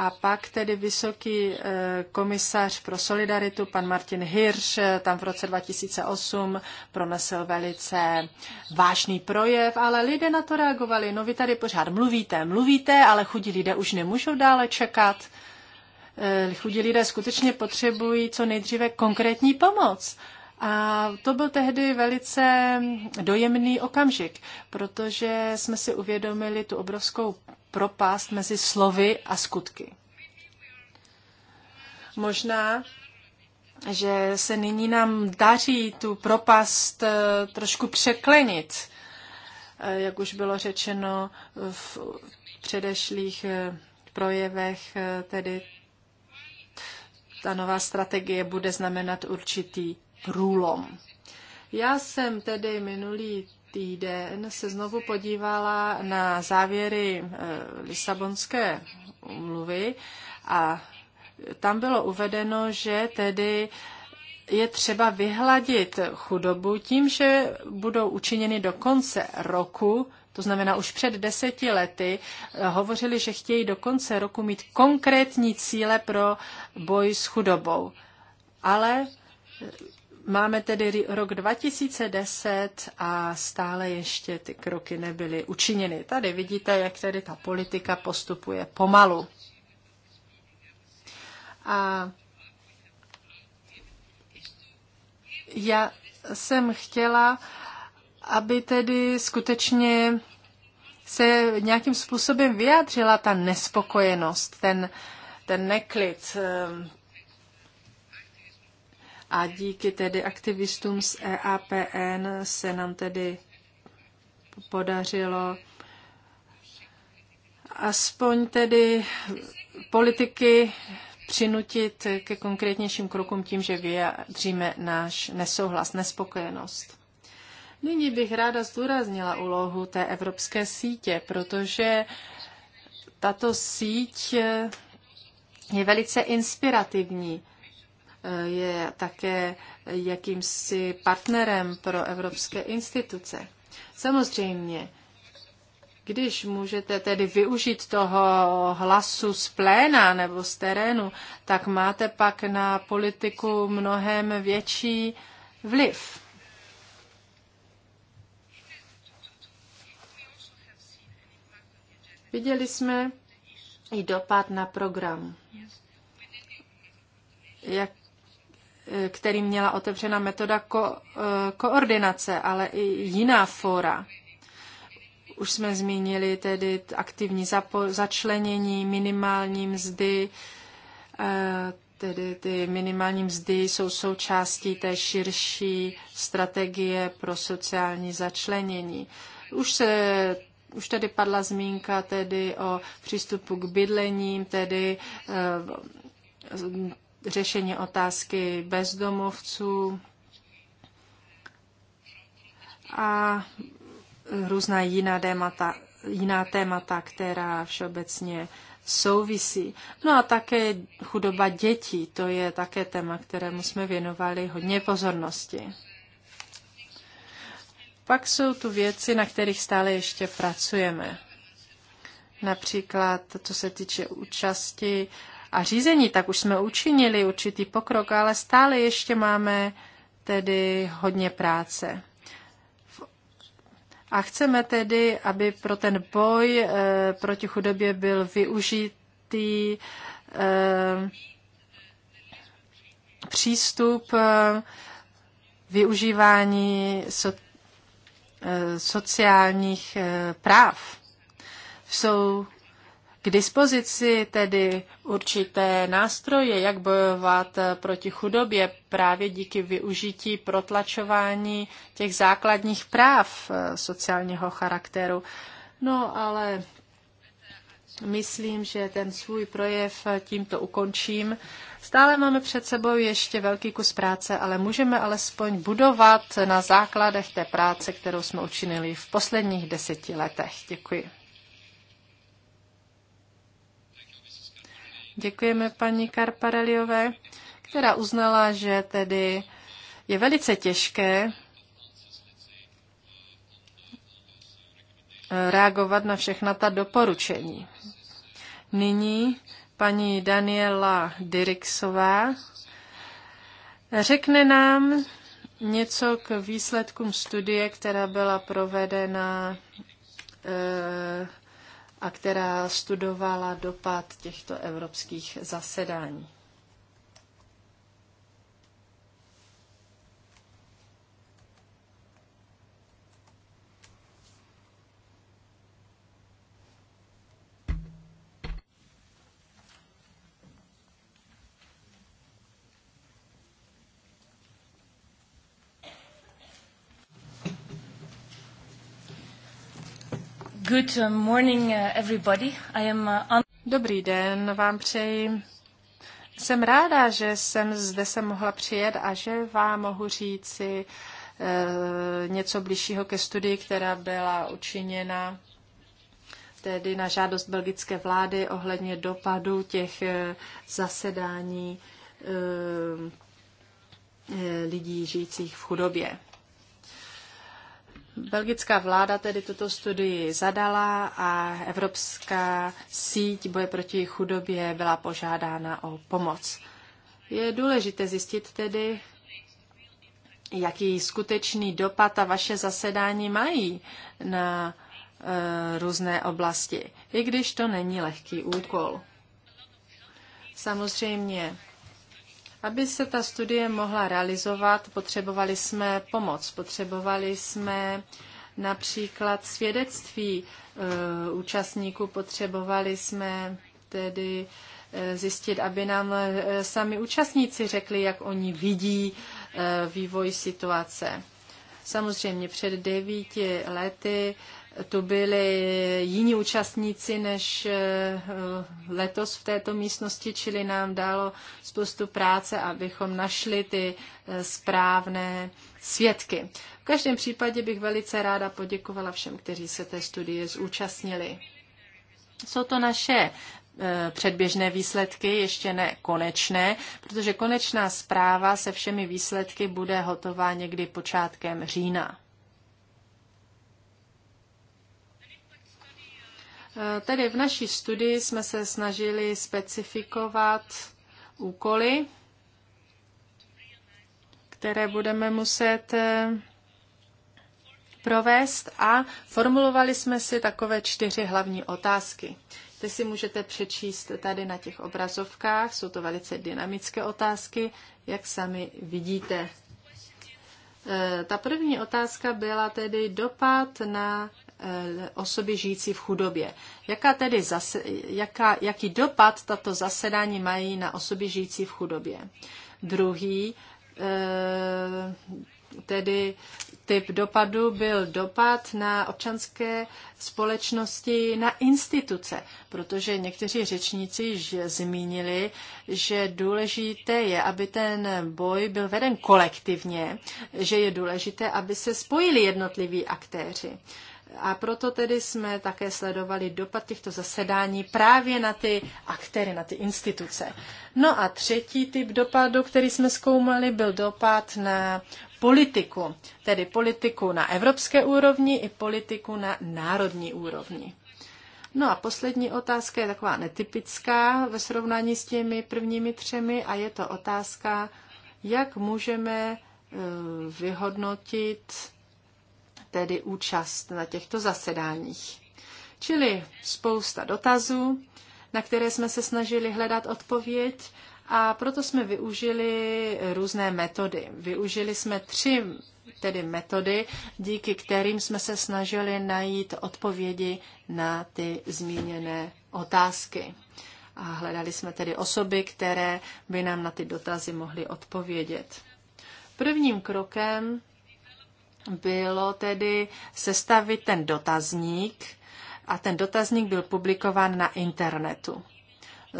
A pak tedy vysoký eh, komisař pro solidaritu, pan Martin Hirsch, eh, tam v roce 2008 pronesl velice vážný projev, ale lidé na to reagovali. No vy tady pořád mluvíte, mluvíte, ale chudí lidé už nemůžou dále čekat. Eh, chudí lidé skutečně potřebují co nejdříve konkrétní pomoc. A to byl tehdy velice dojemný okamžik, protože jsme si uvědomili tu obrovskou propast mezi slovy a skutky. Možná, že se nyní nám daří tu propast eh, trošku překlenit, eh, jak už bylo řečeno v předešlých eh, projevech, tedy ta nová strategie bude znamenat určitý průlom. Já jsem tedy minulý týden se znovu podívala na závěry eh, Lisabonské umluvy a tam bylo uvedeno, že tedy je třeba vyhladit chudobu tím, že budou učiněny do konce roku, to znamená už před deseti lety, eh, hovořili, že chtějí do konce roku mít konkrétní cíle pro boj s chudobou. Ale Máme tedy rok 2010 a stále ještě ty kroky nebyly učiněny. Tady vidíte, jak tedy ta politika postupuje pomalu. A já jsem chtěla, aby tedy skutečně se nějakým způsobem vyjádřila ta nespokojenost, ten, ten neklid, ehm, a díky tedy aktivistům z EAPN se nám tedy podařilo aspoň tedy politiky přinutit ke konkrétnějším krokům tím, že vyjadříme náš nesouhlas, nespokojenost. Nyní bych ráda zdůraznila úlohu té evropské sítě, protože tato síť je velice inspirativní je také jakýmsi partnerem pro evropské instituce. Samozřejmě, když můžete tedy využít toho hlasu z pléna nebo z terénu, tak máte pak na politiku mnohem větší vliv. Viděli jsme i dopad na program. Jak který měla otevřena metoda ko, eh, koordinace, ale i jiná fóra. Už jsme zmínili tedy aktivní zapo- začlenění, minimální mzdy, eh, tedy ty minimální mzdy jsou součástí té širší strategie pro sociální začlenění. Už se už tady padla zmínka tedy o přístupu k bydlením, tedy eh, řešení otázky bezdomovců a různá jiná témata, jiná témata, která všeobecně souvisí. No a také chudoba dětí, to je také téma, kterému jsme věnovali hodně pozornosti. Pak jsou tu věci, na kterých stále ještě pracujeme. Například, co se týče účasti a řízení, tak už jsme učinili určitý pokrok, ale stále ještě máme tedy hodně práce. A chceme tedy, aby pro ten boj e, proti chudobě byl využitý e, přístup e, využívání so, e, sociálních e, práv. Jsou k dispozici tedy určité nástroje, jak bojovat eh, proti chudobě právě díky využití protlačování těch základních práv eh, sociálního charakteru. No ale myslím, že ten svůj projev eh, tímto ukončím. Stále máme před sebou ještě velký kus práce, ale můžeme alespoň budovat na základech té práce, kterou jsme učinili v posledních deseti letech. Děkuji. Děkujeme paní Karpareliové, která uznala, že tedy je velice těžké eh, reagovat na všechna ta doporučení. Nyní paní Daniela Diriksová řekne nám něco k výsledkům studie, která byla provedena eh, a která studovala dopad těchto evropských zasedání. Good morning, uh, everybody. I am uh, on... Dobrý den vám přeji. Jsem ráda, že jsem zde se mohla přijet a že vám mohu říci e, něco blížšího ke studii, která byla učiněna tedy na žádost belgické vlády ohledně dopadu těch zasedání lidí žijících v chudobě. Belgická vláda tedy tuto studii zadala a Evropská síť boje proti chudobě byla požádána o pomoc. Je důležité zjistit tedy, jaký skutečný dopad ta vaše zasedání mají na e, různé oblasti, i když to není lehký úkol. Samozřejmě aby se ta studie mohla realizovat, potřebovali jsme pomoc, potřebovali jsme například svědectví e, účastníků, potřebovali jsme tedy e, zjistit, aby nám e, sami účastníci řekli, jak oni vidí e, vývoj situace. Samozřejmě před devíti lety tu byli jiní účastníci než eh, letos v této místnosti, čili nám dalo spoustu práce, abychom našli ty eh, správné svědky. V každém případě bych velice ráda poděkovala všem, kteří se té studie zúčastnili. Jsou to naše eh, předběžné výsledky, ještě ne konečné, protože konečná zpráva se všemi výsledky bude hotová někdy počátkem října. Tedy v naší studii jsme se snažili specifikovat úkoly, které budeme muset eh, provést a formulovali jsme si takové čtyři hlavní otázky. Ty si můžete přečíst tady na těch obrazovkách, jsou to velice dynamické otázky, jak sami vidíte. Eh, ta první otázka byla tedy dopad na Eh, osoby žijící v chudobě. Jaká tedy zase, jaká, jaký dopad tato zasedání mají na osoby žijící v chudobě? Druhý eh, tedy typ dopadu byl dopad na občanské společnosti, na instituce, protože někteří řečníci zmínili, že důležité je, aby ten boj byl veden kolektivně, že je důležité, aby se spojili jednotliví aktéři. A proto tedy jsme také sledovali dopad těchto zasedání právě na ty aktéry, na ty instituce. No a třetí typ dopadu, který jsme zkoumali, byl dopad na politiku, tedy politiku na evropské úrovni i politiku na národní úrovni. No a poslední otázka je taková netypická ve srovnání s těmi prvními třemi a je to otázka, jak můžeme eh, vyhodnotit tedy účast na těchto zasedáních. Čili spousta dotazů, na které jsme se snažili hledat odpověď a proto jsme využili různé metody. Využili jsme tři tedy metody, díky kterým jsme se snažili najít odpovědi na ty zmíněné otázky. A hledali jsme tedy osoby, které by nám na ty dotazy mohly odpovědět. Prvním krokem bylo tedy sestavit ten dotazník a ten dotazník byl publikován na internetu.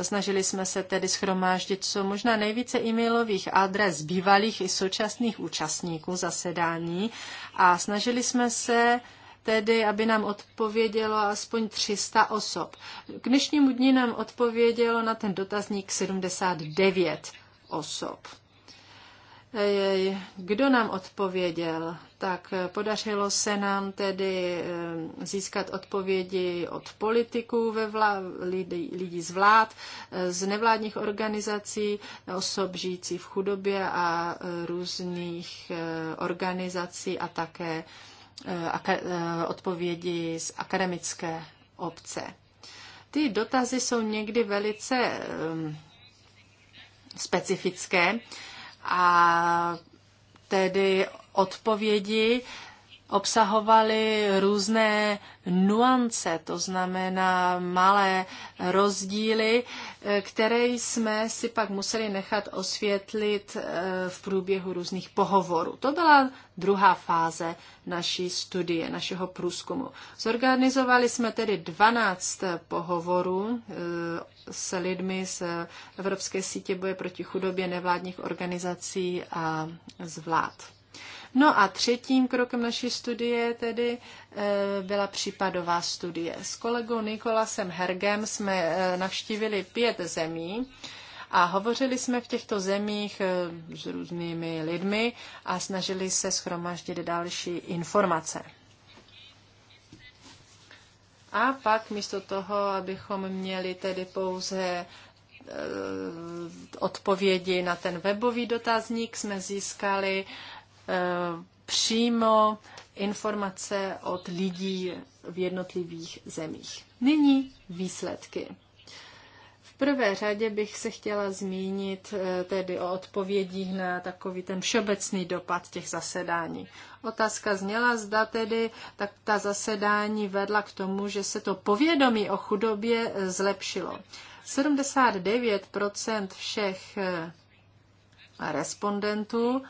Snažili jsme se tedy schromáždit co možná nejvíce e-mailových adres bývalých i současných účastníků zasedání a snažili jsme se tedy, aby nám odpovědělo aspoň 300 osob. K dnešnímu dní nám odpovědělo na ten dotazník 79 osob. Kdo nám odpověděl? Tak podařilo se nám tedy eh, získat odpovědi od politiků, ve vlá- lidi, lidí z vlád, eh, z nevládních organizací, osob žijící v chudobě a eh, různých organizací a také odpovědi z akademické obce. Ty dotazy jsou někdy velice specifické a tedy odpovědi obsahovaly různé nuance, to znamená malé rozdíly, eh, které jsme si pak museli nechat osvětlit eh, v průběhu různých pohovorů. To byla druhá fáze naší studie, našeho průzkumu. Zorganizovali jsme tedy 12 pohovorů eh, s lidmi z Evropské sítě boje proti chudobě nevládních organizací a z vlád. No a třetím krokem naší studie tedy eh, byla případová studie. S kolegou Nikolasem Hergem jsme eh, navštívili pět zemí a hovořili jsme v těchto zemích eh, s různými lidmi a snažili se schromaždit další informace. A pak místo toho, abychom měli tedy pouze odpovědi na ten webový dotazník jsme získali Eh, přímo informace od lidí v jednotlivých zemích. Nyní výsledky. V prvé řadě bych se chtěla zmínit eh, tedy o odpovědích na takový ten všeobecný dopad těch zasedání. Otázka zněla, zda tedy tak ta zasedání vedla k tomu, že se to povědomí o chudobě eh, zlepšilo. 79 všech respondentů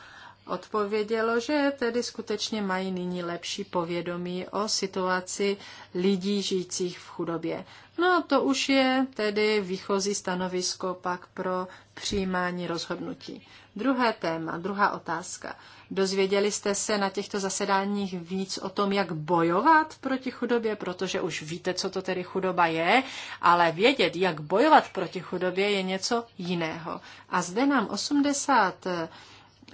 odpovědělo, že tedy skutečně mají nyní lepší povědomí o situaci lidí žijících v chudobě. No a to už je tedy výchozí stanovisko pak pro přijímání rozhodnutí. Druhé téma, druhá otázka. Dozvěděli jste se na těchto zasedáních víc o tom, jak bojovat proti chudobě, protože už víte, co to tedy chudoba je, ale vědět, jak bojovat proti chudobě, je něco jiného. A zde nám 80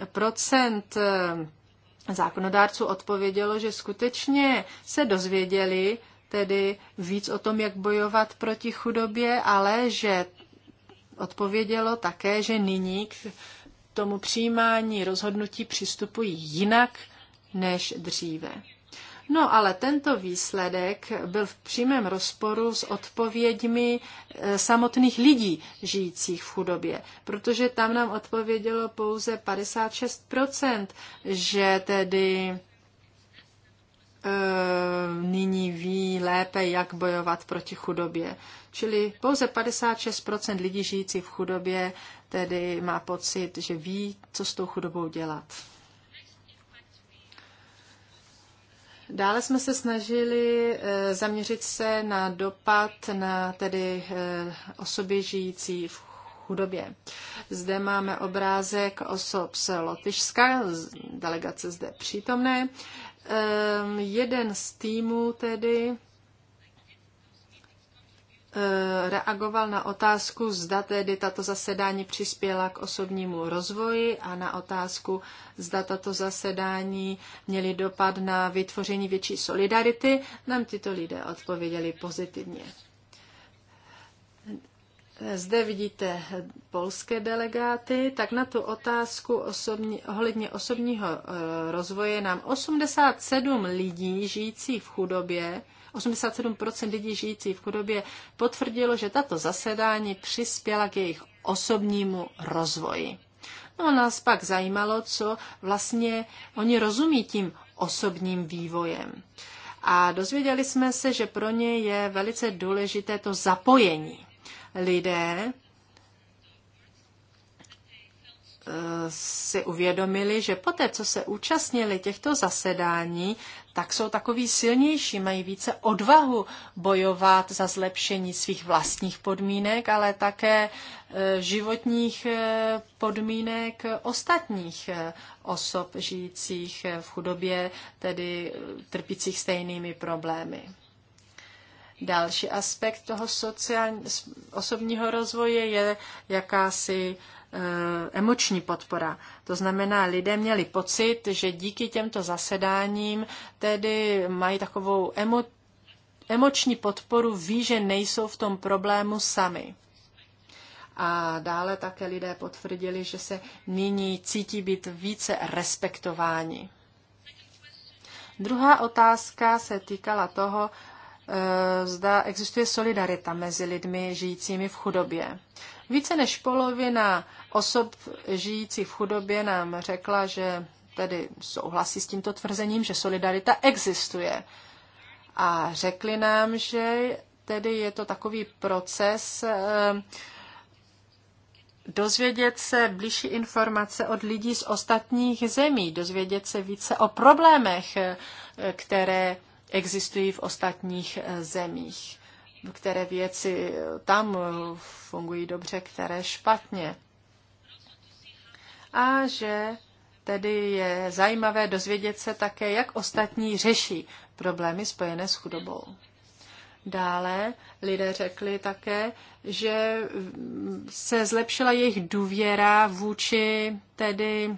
procent eh, zákonodárců odpovědělo, že skutečně se dozvěděli tedy víc o tom, jak bojovat proti chudobě, ale že odpovědělo také, že nyní k tomu přijímání rozhodnutí přistupují jinak než dříve. No ale tento výsledek byl v přímém rozporu s odpověďmi eh, samotných lidí žijících v chudobě, protože tam nám odpovědělo pouze 56%, že tedy eh, nyní ví lépe, jak bojovat proti chudobě. Čili pouze 56% lidí žijících v chudobě tedy má pocit, že ví, co s tou chudobou dělat. Dále jsme se snažili eh, zaměřit se na dopad na tedy eh, osoby žijící v chudobě. Zde máme obrázek osob z Lotyšska, delegace zde přítomné. Ehm, jeden z týmů tedy Eh, reagoval na otázku, zda tedy tato zasedání přispěla k osobnímu rozvoji a na otázku, zda tato zasedání měly dopad na vytvoření větší solidarity, nám tyto lidé odpověděli pozitivně. Zde vidíte polské delegáty, tak na tu otázku osobní, ohledně osobního eh, rozvoje nám 87 lidí žijících v chudobě 87% lidí žijících v chudobě potvrdilo, že tato zasedání přispěla k jejich osobnímu rozvoji. No a nás pak zajímalo, co vlastně oni rozumí tím osobním vývojem. A dozvěděli jsme se, že pro ně je velice důležité to zapojení. Lidé si uvědomili, že poté, co se účastnili těchto zasedání, tak jsou takový silnější, mají více odvahu bojovat za zlepšení svých vlastních podmínek, ale také e, životních e, podmínek ostatních e, osob žijících v chudobě, tedy trpících stejnými problémy. Další aspekt toho sociální, osobního rozvoje je jakási eh, emoční podpora. To znamená, lidé měli pocit, že díky těmto zasedáním tedy mají takovou emo, emoční podporu, ví, že nejsou v tom problému sami. A dále také lidé potvrdili, že se nyní cítí být více respektováni. Druhá otázka se týkala toho, Eh, zda existuje solidarita mezi lidmi žijícími v chudobě. Více než polovina osob žijících v chudobě nám řekla, že tedy souhlasí s tímto tvrzením, že solidarita existuje. A řekli nám, že tedy je to takový proces eh, dozvědět se blížší informace od lidí z ostatních zemí, dozvědět se více o problémech, eh, které existují v ostatních eh, zemích. Které věci tam eh, fungují dobře, které špatně. A že tedy je zajímavé dozvědět se také, jak ostatní řeší problémy spojené s chudobou. Dále lidé řekli také, že mm, se zlepšila jejich důvěra vůči tedy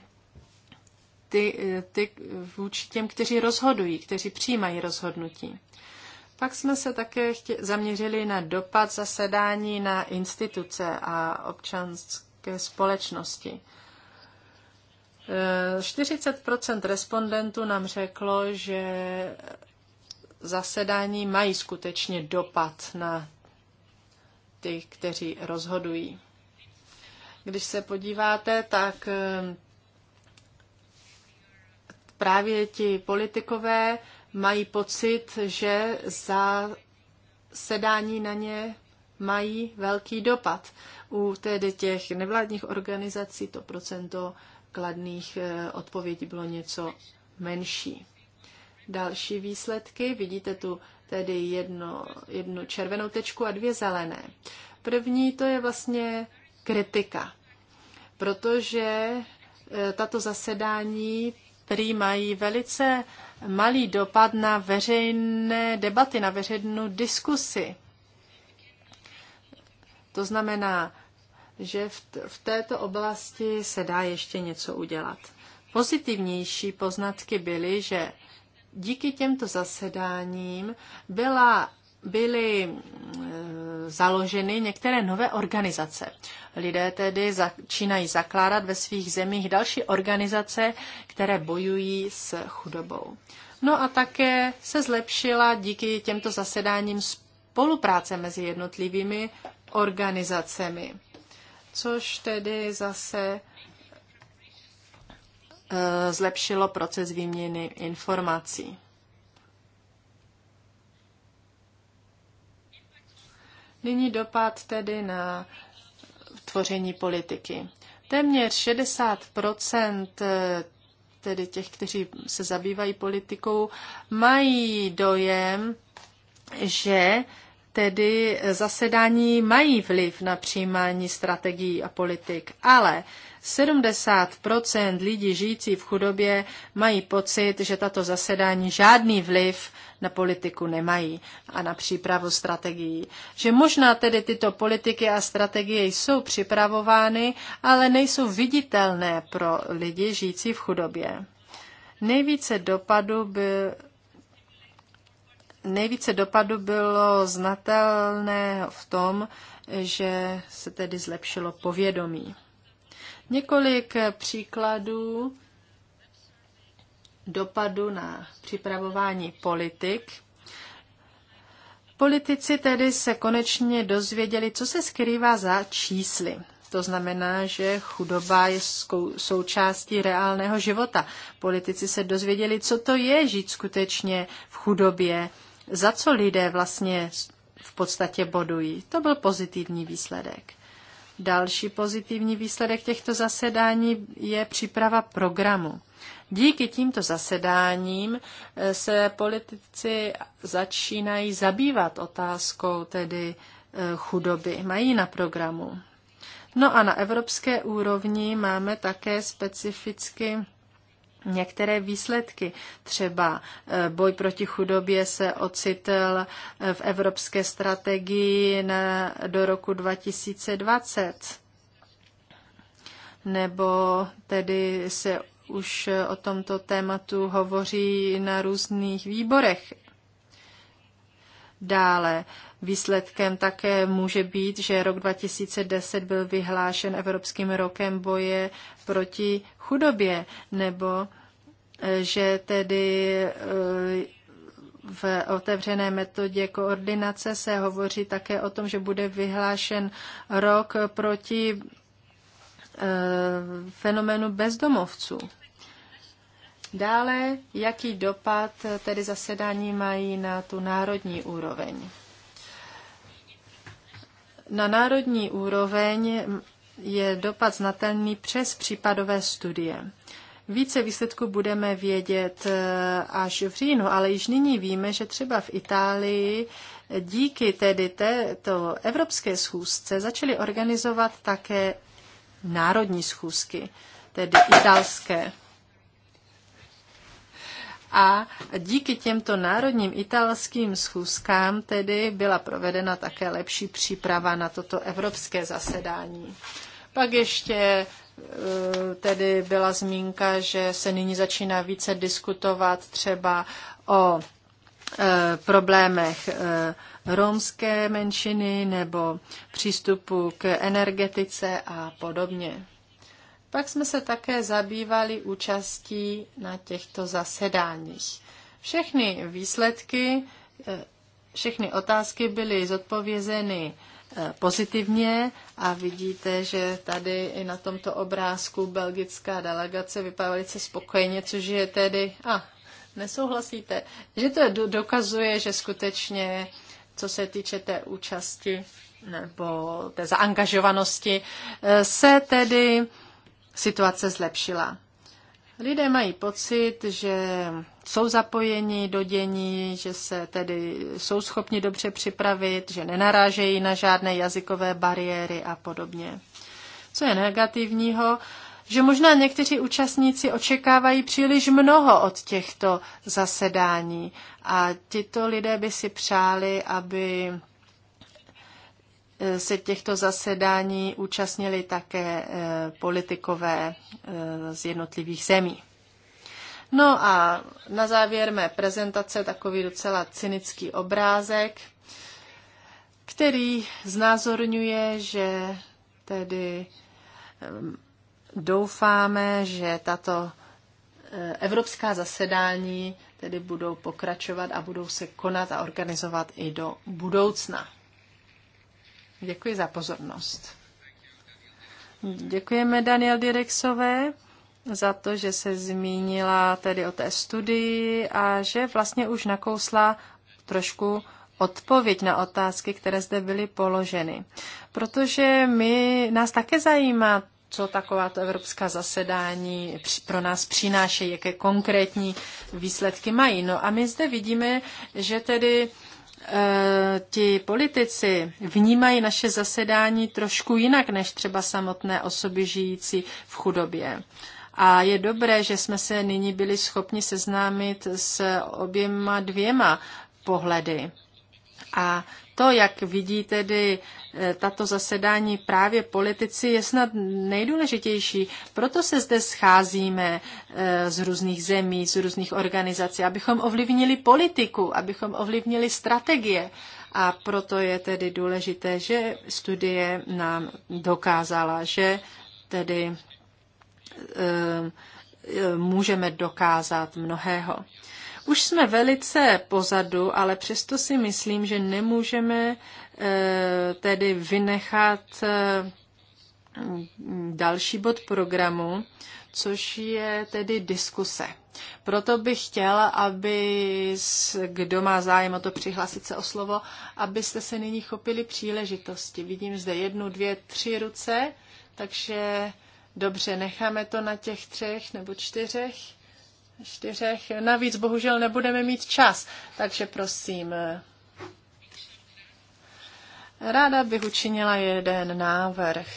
ty, ty vůči těm, kteří rozhodují, kteří přijímají rozhodnutí. Pak jsme se také chtě, zaměřili na dopad zasedání na instituce a občanské společnosti. 40 e, respondentů nám řeklo, že zasedání mají skutečně dopad na ty, kteří rozhodují. Když se podíváte, tak e, právě ti politikové mají pocit, že za sedání na ně mají velký dopad. U tedy těch nevládních organizací to procento kladných eh, odpovědí bylo něco menší. Další výsledky, vidíte tu tedy jedno, jednu červenou tečku a dvě zelené. První to je vlastně kritika, protože eh, tato zasedání prý mají velice malý dopad na veřejné debaty, na veřejnou diskusi. To znamená, že v, v této oblasti se dá ještě něco udělat. Pozitivnější poznatky byly, že díky těmto zasedáním byla, byly založeny některé nové organizace. Lidé tedy začínají zakládat ve svých zemích další organizace, které bojují s chudobou. No a také se zlepšila díky těmto zasedáním spolupráce mezi jednotlivými organizacemi, což tedy zase e, zlepšilo proces výměny informací. Nyní dopad tedy na tvoření politiky. Téměř 60 eh, tedy těch, kteří se zabývají politikou, mají dojem, že tedy zasedání mají vliv na přijímání strategií a politik, ale 70 lidí žijící v chudobě mají pocit, že tato zasedání žádný vliv na politiku nemají a na přípravu strategií. Že možná tedy tyto politiky a strategie jsou připravovány, ale nejsou viditelné pro lidi žijící v chudobě. Nejvíce dopadu by nejvíce dopadu bylo znatelné v tom, že se tedy zlepšilo povědomí. Několik příkladů dopadu na připravování politik. Politici tedy se konečně dozvěděli, co se skrývá za čísly. To znamená, že chudoba je součástí reálného života. Politici se dozvěděli, co to je žít skutečně v chudobě, za co lidé vlastně v podstatě bodují. To byl pozitivní výsledek. Další pozitivní výsledek těchto zasedání je příprava programu. Díky tímto zasedáním eh, se politici začínají zabývat otázkou tedy eh, chudoby. Mají na programu. No a na evropské úrovni máme také specificky některé výsledky. Třeba eh, boj proti chudobě se ocitl eh, v evropské strategii na, do roku 2020. Nebo tedy se už eh, o tomto tématu hovoří na různých výborech. Dále výsledkem také může být, že rok 2010 byl vyhlášen Evropským rokem boje proti chudobě nebo že tedy eh, v otevřené metodě koordinace se hovoří také o tom, že bude vyhlášen rok proti eh, fenoménu bezdomovců. Dále, jaký dopad tedy zasedání mají na tu národní úroveň? Na národní úroveň je dopad znatelný přes případové studie. Více výsledků budeme vědět eh, až v říjnu, ale již nyní víme, že třeba v Itálii díky tedy této evropské schůzce začaly organizovat také národní schůzky, tedy italské. A díky těmto národním italským schůzkám tedy byla provedena také lepší příprava na toto evropské zasedání. Pak ještě Eh, tedy byla zmínka, že se nyní začíná více diskutovat třeba o eh, problémech eh, romské menšiny nebo přístupu k energetice a podobně. Pak jsme se také zabývali účastí na těchto zasedáních. Všechny výsledky, všechny otázky byly zodpovězeny Eh, pozitivně a vidíte, že tady i na tomto obrázku belgická delegace vypadá velice spokojeně, což je tedy, a nesouhlasíte, že to dokazuje, že skutečně, co se týče té účasti nebo té zaangažovanosti, eh, se tedy situace zlepšila. Lidé mají pocit, že jsou zapojeni do dění, že se tedy jsou schopni dobře připravit, že nenarážejí na žádné jazykové bariéry a podobně. Co je negativního, že možná někteří účastníci očekávají příliš mnoho od těchto zasedání a tito lidé by si přáli, aby se těchto zasedání účastnili také eh, politikové eh, z jednotlivých zemí. No a na závěr mé prezentace takový docela cynický obrázek, který znázorňuje, že tedy eh, doufáme, že tato evropská zasedání tedy budou pokračovat a budou se konat a organizovat i do budoucna. Děkuji za pozornost. Děkujeme Daniel Direxové za to, že se zmínila tedy o té studii a že vlastně už nakousla trošku odpověď na otázky, které zde byly položeny. Protože my, nás také zajímá, co takováto evropská zasedání pro nás přináší, jaké konkrétní výsledky mají. No a my zde vidíme, že tedy E, ti politici vnímají naše zasedání trošku jinak než třeba samotné osoby žijící v chudobě. A je dobré, že jsme se nyní byli schopni seznámit s oběma dvěma pohledy. A to, jak vidí tedy eh, tato zasedání právě politici, je snad nejdůležitější. Proto se zde scházíme eh, z různých zemí, z různých organizací, abychom ovlivnili politiku, abychom ovlivnili strategie. A proto je tedy důležité, že studie nám dokázala, že tedy eh, můžeme dokázat mnohého. Už jsme velice pozadu, ale přesto si myslím, že nemůžeme eh, tedy vynechat eh, další bod programu, což je tedy diskuse. Proto bych chtěla, aby kdo má zájem o to přihlásit se o slovo, abyste se nyní chopili příležitosti. Vidím zde jednu, dvě, tři ruce, takže dobře, necháme to na těch třech nebo čtyřech čtyřech. Navíc bohužel nebudeme mít čas, takže prosím. Ráda bych učinila jeden návrh.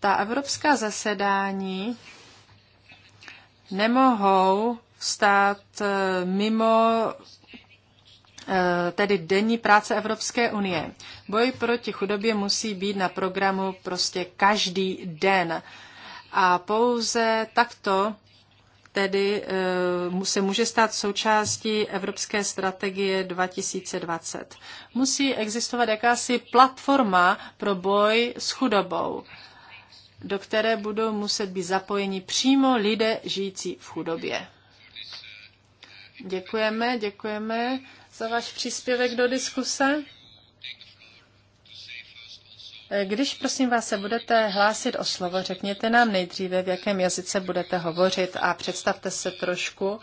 Ta evropská zasedání nemohou stát eh, mimo eh, tedy denní práce Evropské unie. Boj proti chudobě musí být na programu prostě každý den. A pouze takto tedy eh, se může stát součástí Evropské strategie 2020. Musí existovat jakási platforma pro boj s chudobou, do které budou muset být zapojeni přímo lidé žijící v chudobě. Děkujeme, děkujeme za váš příspěvek do diskuse. Když prosím vás se budete hlásit o slovo, řekněte nám nejdříve, v jakém jazyce budete hovořit a představte se trošku.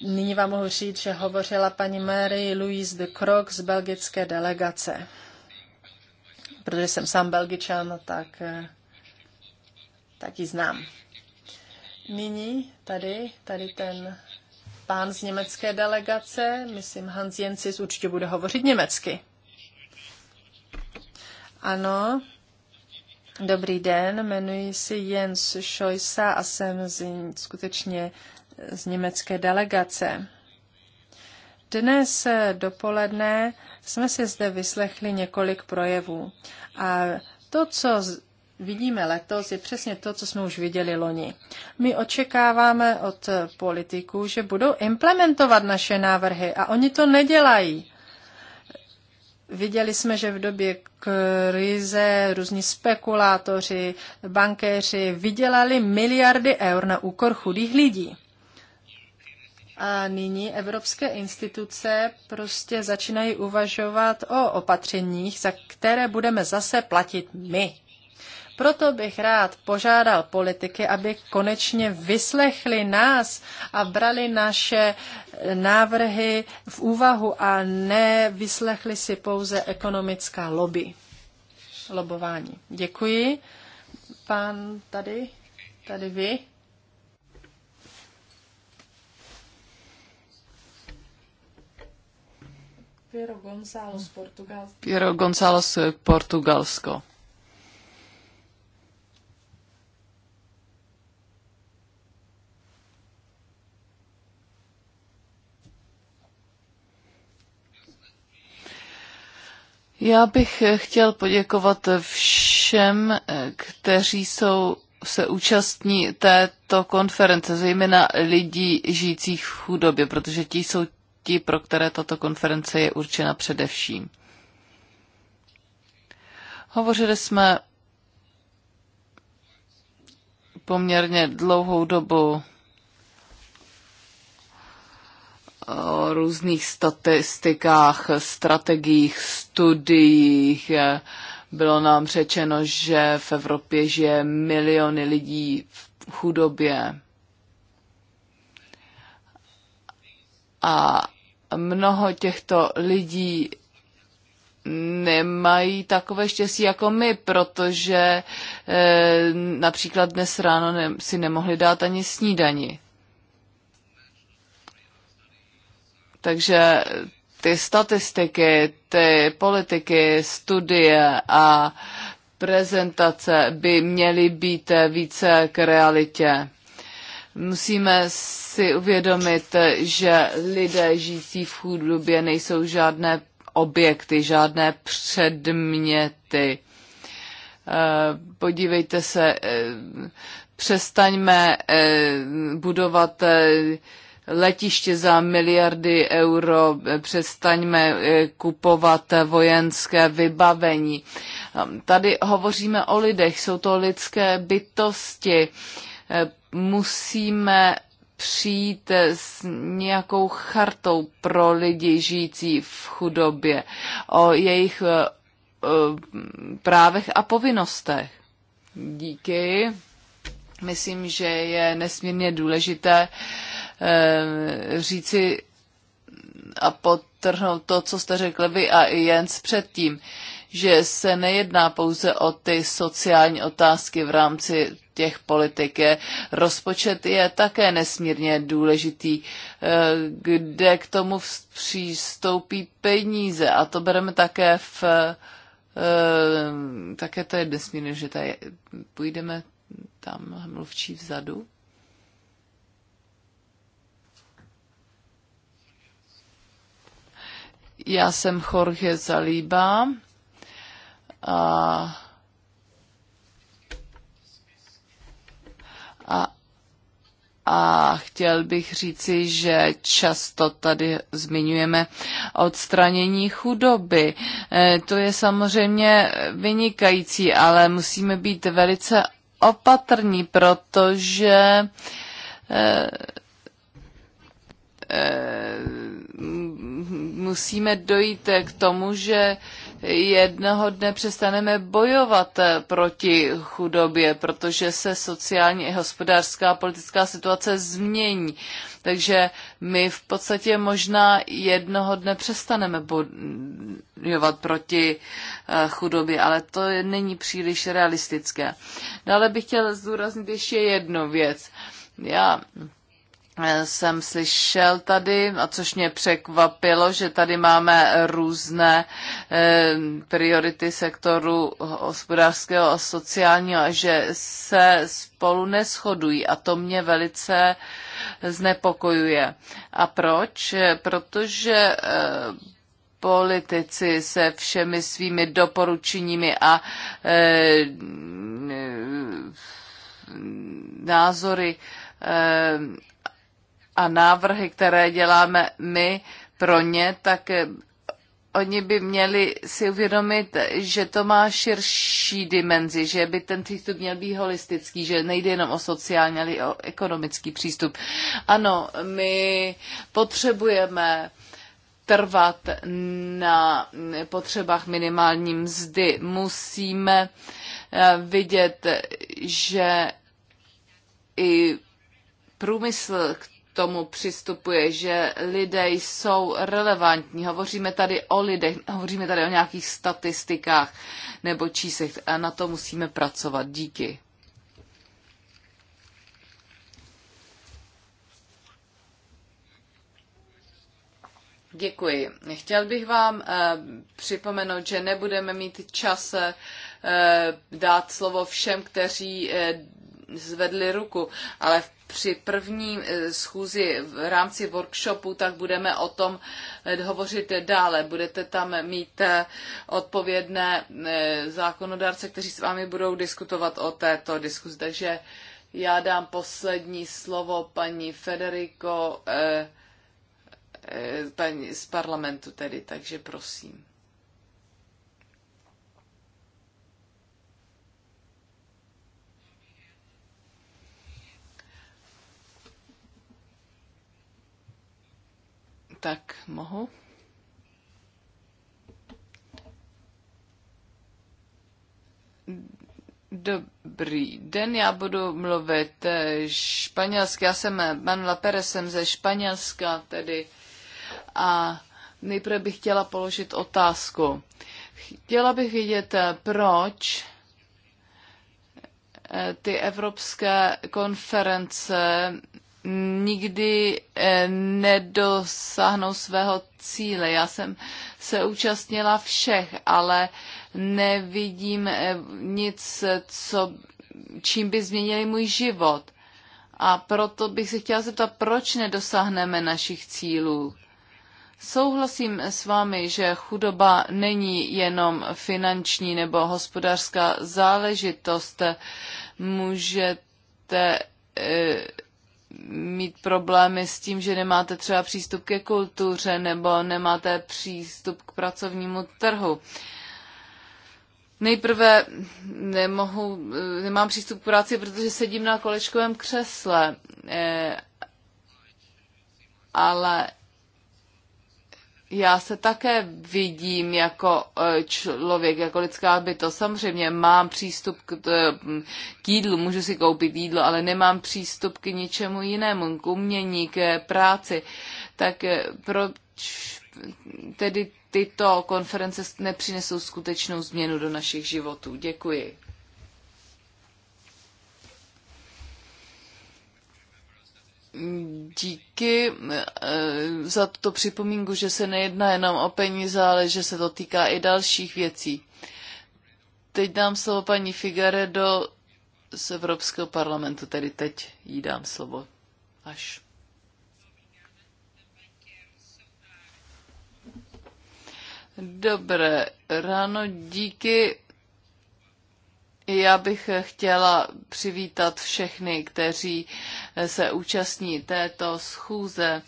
Nyní vám mohu říct, že hovořila paní Mary Louise de Croc z belgické delegace. Protože jsem sám belgičan, tak, tak ji znám. Nyní tady, tady ten pán z německé delegace, myslím Hans Jensis, určitě bude hovořit německy. Ano, dobrý den, jmenuji se Jens Scheusa a jsem z, skutečně z německé delegace. Dnes dopoledne jsme si zde vyslechli několik projevů a to, co vidíme letos, je přesně to, co jsme už viděli loni. My očekáváme od politiků, že budou implementovat naše návrhy a oni to nedělají. Viděli jsme, že v době krize různí spekulátoři, bankéři vydělali miliardy eur na úkor chudých lidí. A nyní evropské instituce prostě začínají uvažovat o opatřeních, za které budeme zase platit my. Proto bych rád požádal politiky, aby konečně vyslechli nás a brali naše eh, návrhy v úvahu a ne vyslechli si pouze ekonomická lobby. Lobování. Děkuji. Pán tady, tady vy. Piero Piero González, Portugalsko. Já bych eh, chtěl poděkovat eh, všem, eh, kteří jsou se účastní této konference, zejména lidí žijících v chudobě, protože ti jsou ti, pro které tato konference je určena především. Hovořili jsme poměrně dlouhou dobu o různých statistikách, strategiích, studiích. Bylo nám řečeno, že v Evropě žije miliony lidí v chudobě. A mnoho těchto lidí nemají takové štěstí jako my, protože e, například dnes ráno ne, si nemohli dát ani snídani. Takže ty statistiky, ty politiky, studie a prezentace by měly být více k realitě. Musíme si uvědomit, že lidé žijící v chudobě nejsou žádné objekty, žádné předměty. Eh, podívejte se, eh, přestaňme eh, budovat letiště za miliardy euro, přestaňme eh, kupovat vojenské vybavení. Ehm, tady hovoříme o lidech, jsou to lidské bytosti. Eh, musíme přijít eh, s nějakou chartou pro lidi žijící v chudobě, o jejich právech a povinnostech. Díky. Myslím, že je nesmírně důležité uh, Eh, říci a potrhnout to, co jste řekli vy a i Jens předtím, že se nejedná pouze o ty sociální otázky v rámci těch politik. Rozpočet je také nesmírně důležitý, eh, kde k tomu přistoupí peníze a to bereme také v eh, také to je nesmírně, že tady půjdeme tam mluvčí vzadu. Já jsem Jorge Zalíba a, a, a chtěl bych říci, že často tady zmiňujeme odstranění chudoby. E, to je samozřejmě vynikající, ale musíme být velice opatrní, protože e, e, musíme dojít k tomu, že jednoho dne přestaneme bojovat eh, proti chudobě, protože se sociální, hospodářská a politická situace změní. Takže my v podstatě možná jednoho dne přestaneme bojovat proti eh, chudobě, ale to není příliš realistické. Dále bych chtěla zdůraznit ještě jednu věc. Já jsem slyšel tady, a což mě překvapilo, že tady máme různé priority sektoru hospodářského a sociálního a že se spolu neschodují a to mě velice znepokojuje. A proč? Protože politici se všemi svými doporučeními a názory a návrhy, které děláme my pro ně, tak eh, oni by měli si uvědomit, že to má širší dimenzi, že by ten přístup měl být holistický, že nejde jenom o sociální, ale i o ekonomický přístup. Ano, my potřebujeme trvat na potřebách minimální mzdy. Musíme eh, vidět, že i průmysl k tomu přistupuje, že lidé jsou relevantní. Hovoříme tady o lidech, hovoříme tady o nějakých statistikách nebo číslech a na to musíme pracovat. Díky. Děkuji. Chtěl bych vám eh, připomenout, že nebudeme mít čas eh, dát slovo všem, kteří eh, zvedli ruku, ale v při první eh, schůzi v rámci workshopu, tak budeme o tom eh, hovořit dále. Budete tam mít eh, odpovědné zákonodárce, kteří s vámi budou diskutovat o této diskuzi. Takže já dám poslední slovo paní Federico paní z parlamentu tedy, takže prosím. tak mohu. Dobrý den, já budu mluvit eh, španělsky. Já jsem pan eh, Lapere, jsem ze Španělska tedy. A nejprve bych chtěla položit otázku. Chtěla bych vědět, eh, proč ty evropské konference nikdy eh, nedosáhnou svého cíle. Já jsem se účastnila všech, ale nevidím eh, nic, co, čím by změnili můj život. A proto bych se chtěla zeptat, proč nedosáhneme našich cílů. Souhlasím s vámi, že chudoba není jenom finanční nebo hospodářská záležitost. Můžete eh, mít problémy s tím, že nemáte třeba přístup ke kultuře nebo nemáte přístup k pracovnímu trhu. Nejprve nemohu, eh, nemám přístup k práci, protože sedím na kolečkovém křesle, eh, ale já se také vidím jako e, člověk, jako lidská bytost. Samozřejmě mám přístup k, k jídlu, můžu si koupit jídlo, ale nemám přístup k ničemu jinému, k umění, k práci. Tak e, proč tedy tyto konference nepřinesou skutečnou změnu do našich životů? Děkuji. díky eh, za tuto připomínku, že se nejedná jenom o peníze, ale že se to týká i dalších věcí. Teď dám slovo paní Figaredo z Evropského parlamentu, tedy teď jí dám slovo. Až. Dobré ráno, díky já bych chtěla přivítat všechny, kteří se účastní této schůze.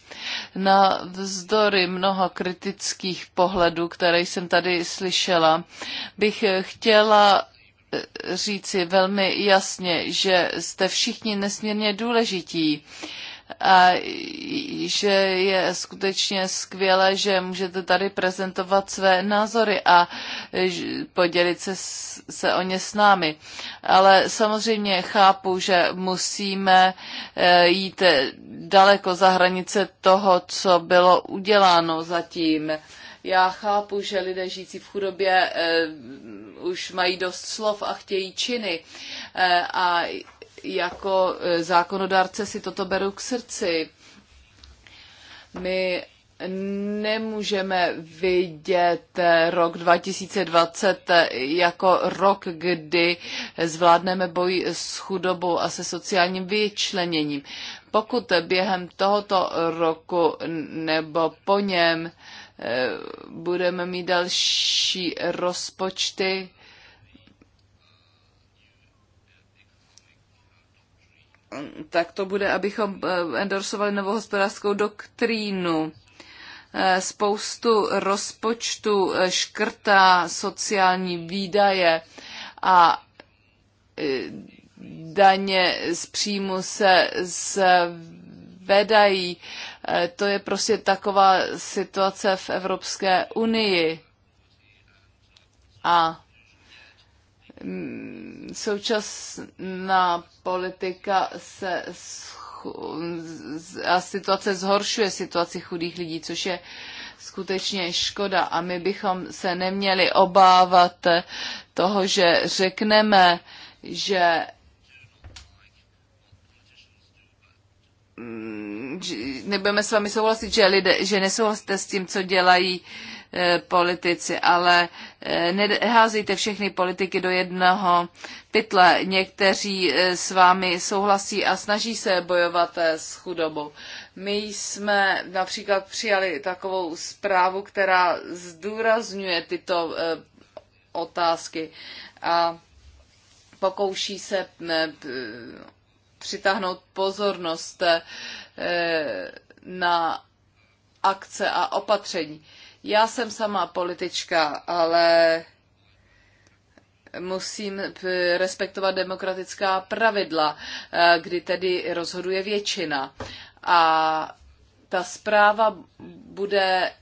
Na vzdory mnoha kritických pohledů, které jsem tady slyšela, bych chtěla říci velmi jasně, že jste všichni nesmírně důležití a že je skutečně skvělé, že můžete tady prezentovat své názory a podělit se, se o ně s námi. Ale samozřejmě chápu, že musíme e, jít daleko za hranice toho, co bylo uděláno zatím. Já chápu, že lidé žijící v chudobě eh, už mají dost slov a chtějí činy. Eh, a jako e, zákonodárce si toto beru k srdci. My nemůžeme vidět e, rok 2020 e, jako rok, kdy zvládneme boj s chudobou a se sociálním vyčleněním. Pokud během tohoto roku nebo po něm budeme mít další rozpočty, tak to bude, abychom eh, endorsovali novou hospodářskou doktrínu. Eh, spoustu rozpočtu eh, škrtá sociální výdaje a daně z příjmu se zvedají. To je prostě taková situace v Evropské unii. A Mm, současná politika se a situace zhoršuje situaci chudých lidí, což je skutečně škoda a my bychom se neměli obávat toho, že řekneme, že mm, nebudeme s vámi souhlasit, že, lidé, že nesouhlasíte s tím, co dělají uh, Eh, politici, ale eh, neházejte všechny politiky do jednoho pytle. Někteří eh, s vámi souhlasí a snaží se bojovat s chudobou. My jsme například přijali takovou zprávu, která zdůrazňuje tyto otázky a pokouší se přitáhnout pozornost na akce a opatření. Já jsem sama politička, ale musím respektovat demokratická pravidla, eh, kdy tedy rozhoduje většina. A ta zpráva bude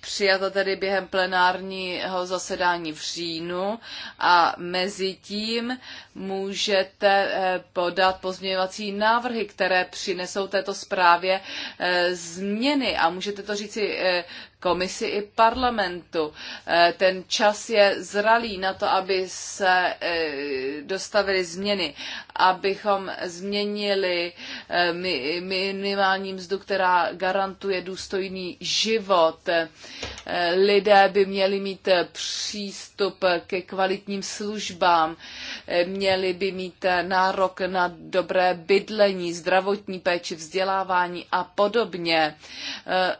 přijata tedy během plenárního zasedání v říjnu a mezi tím můžete eh, podat pozměňovací návrhy, které přinesou této zprávě eh, změny a můžete to říci eh, komisi i parlamentu. Ten čas je zralý na to, aby se dostavily změny, abychom změnili minimální mzdu, která garantuje důstojný život. Lidé by měli mít přístup ke kvalitním službám, měli měli by mít nárok na dobré bydlení, zdravotní péči, vzdělávání a podobně eh,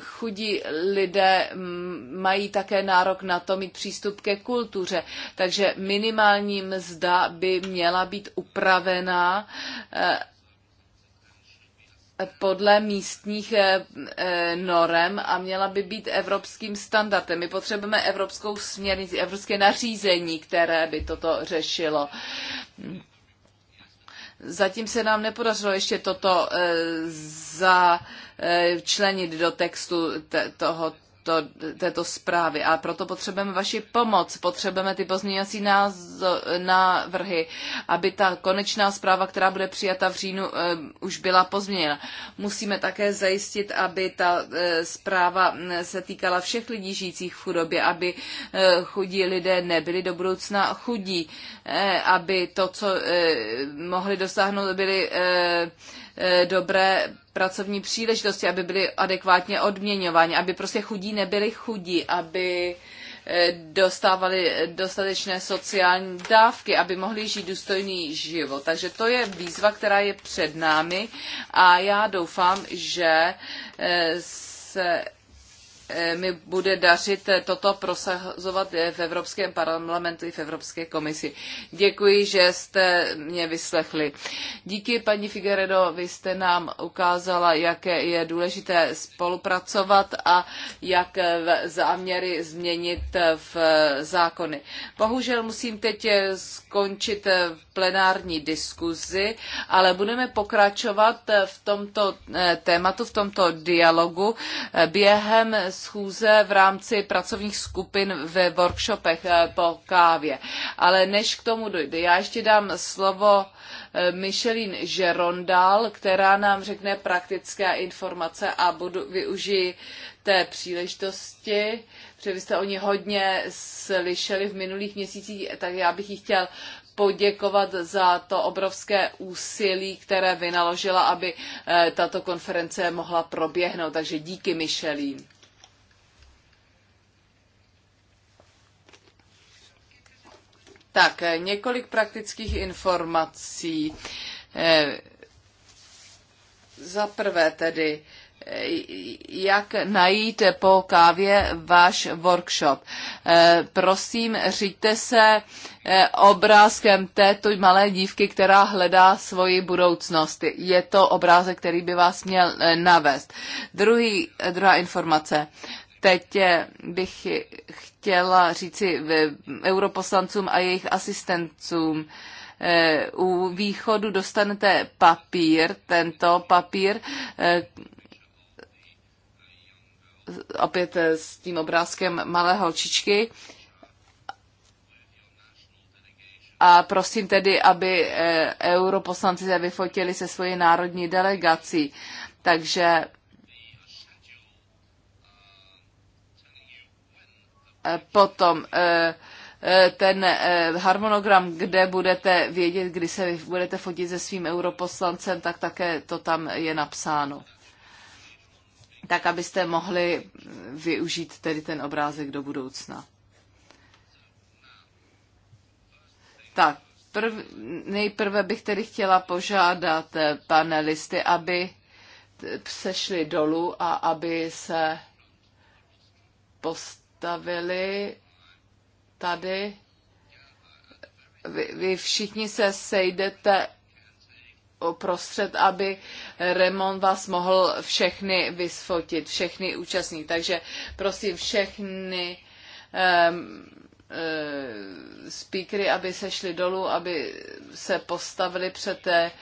chudí lidé mm, mají také nárok na to mít přístup ke kultuře. Takže minimální mzda by měla být upravená eh, podle místních eh, eh, norem a měla by být evropským standardem. My potřebujeme evropskou směrnici, evropské nařízení, které by toto řešilo. Zatím se nám nepodařilo ještě toto eh, začlenit do textu toho to, této zprávy a proto potřebujeme vaši pomoc, potřebujeme ty pozměňovací návrhy, aby ta konečná zpráva, která bude přijata v říjnu, eh, už byla pozměněna. Musíme také zajistit, aby ta eh, zpráva mm, se týkala všech lidí žijících v chudobě, aby eh, chudí lidé nebyli do budoucna chudí, aby to, co mohli dosáhnout, byly Eh, dobré pracovní příležitosti, aby byli adekvátně odměňováni, aby prostě chudí nebyli chudí, aby eh, dostávali dostatečné sociální dávky, aby mohli žít důstojný život. Takže to je výzva, která je před námi a já doufám, že eh, se Eh, mi bude dařit eh, toto prosazovat eh, v Evropském parlamentu i v Evropské komisi. Děkuji, že jste mě vyslechli. Díky, paní Figueredo, vy jste nám ukázala, jak je důležité spolupracovat a jak záměry změnit v zákony. Bohužel musím teď skončit plenární diskuzi, ale budeme pokračovat v tomto tématu, v tomto dialogu během schůze v rámci pracovních skupin ve workshopech eh, po kávě. Ale než k tomu dojde, já ještě dám slovo eh, Michelin Gerondal, která nám řekne praktické informace a budu, využiji té příležitosti, protože vy jste o ní hodně slyšeli v minulých měsících, tak já bych ji chtěl poděkovat za to obrovské úsilí, které vynaložila, aby eh, tato konference mohla proběhnout. Takže díky, Michelin. Tak, několik praktických informací. Eh, za prvé tedy, eh, jak najít po kávě váš workshop. Eh, prosím, řiďte se obrázkem této malé dívky, která hledá svoji budoucnost. Je to obrázek, který by vás měl navést. Druhý, druhá informace. Teď eh, bych chtěla říci europoslancům a jejich asistentům, eh, u východu dostanete papír, tento papír, eh, opět s tím obrázkem malé holčičky. A prosím tedy, aby europoslanci se vyfotili se svojí národní delegací. Takže potom eh, eh, ten eh, harmonogram, kde budete vědět, kdy se budete fotit se svým europoslancem, tak také to tam je napsáno. Tak, abyste mohli využít tedy ten obrázek do budoucna. Tak, prv, nejprve bych tedy chtěla požádat panelisty, aby sešli dolů a aby se postavili dostavili tady. Vy, vy všichni se sejdete prostřed, aby Remon vás mohl všechny vysfotit, všechny účastní. Takže prosím všechny um, uh, speakery, aby se šli dolů, aby se postavili před té eh,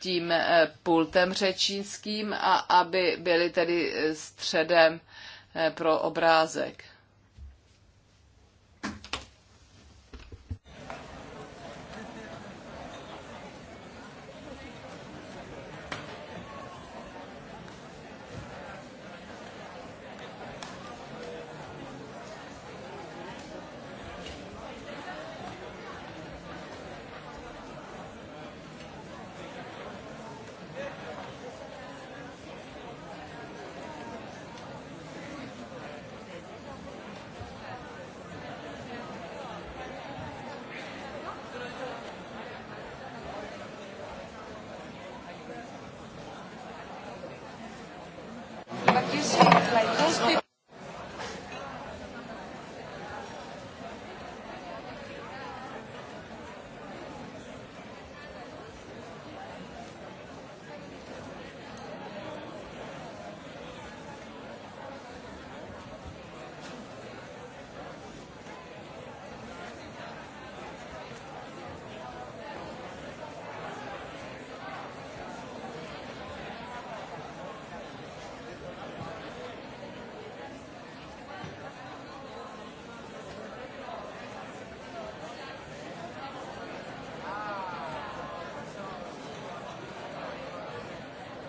tím eh, pultem řečínským a aby byli tedy středem pro obrázek.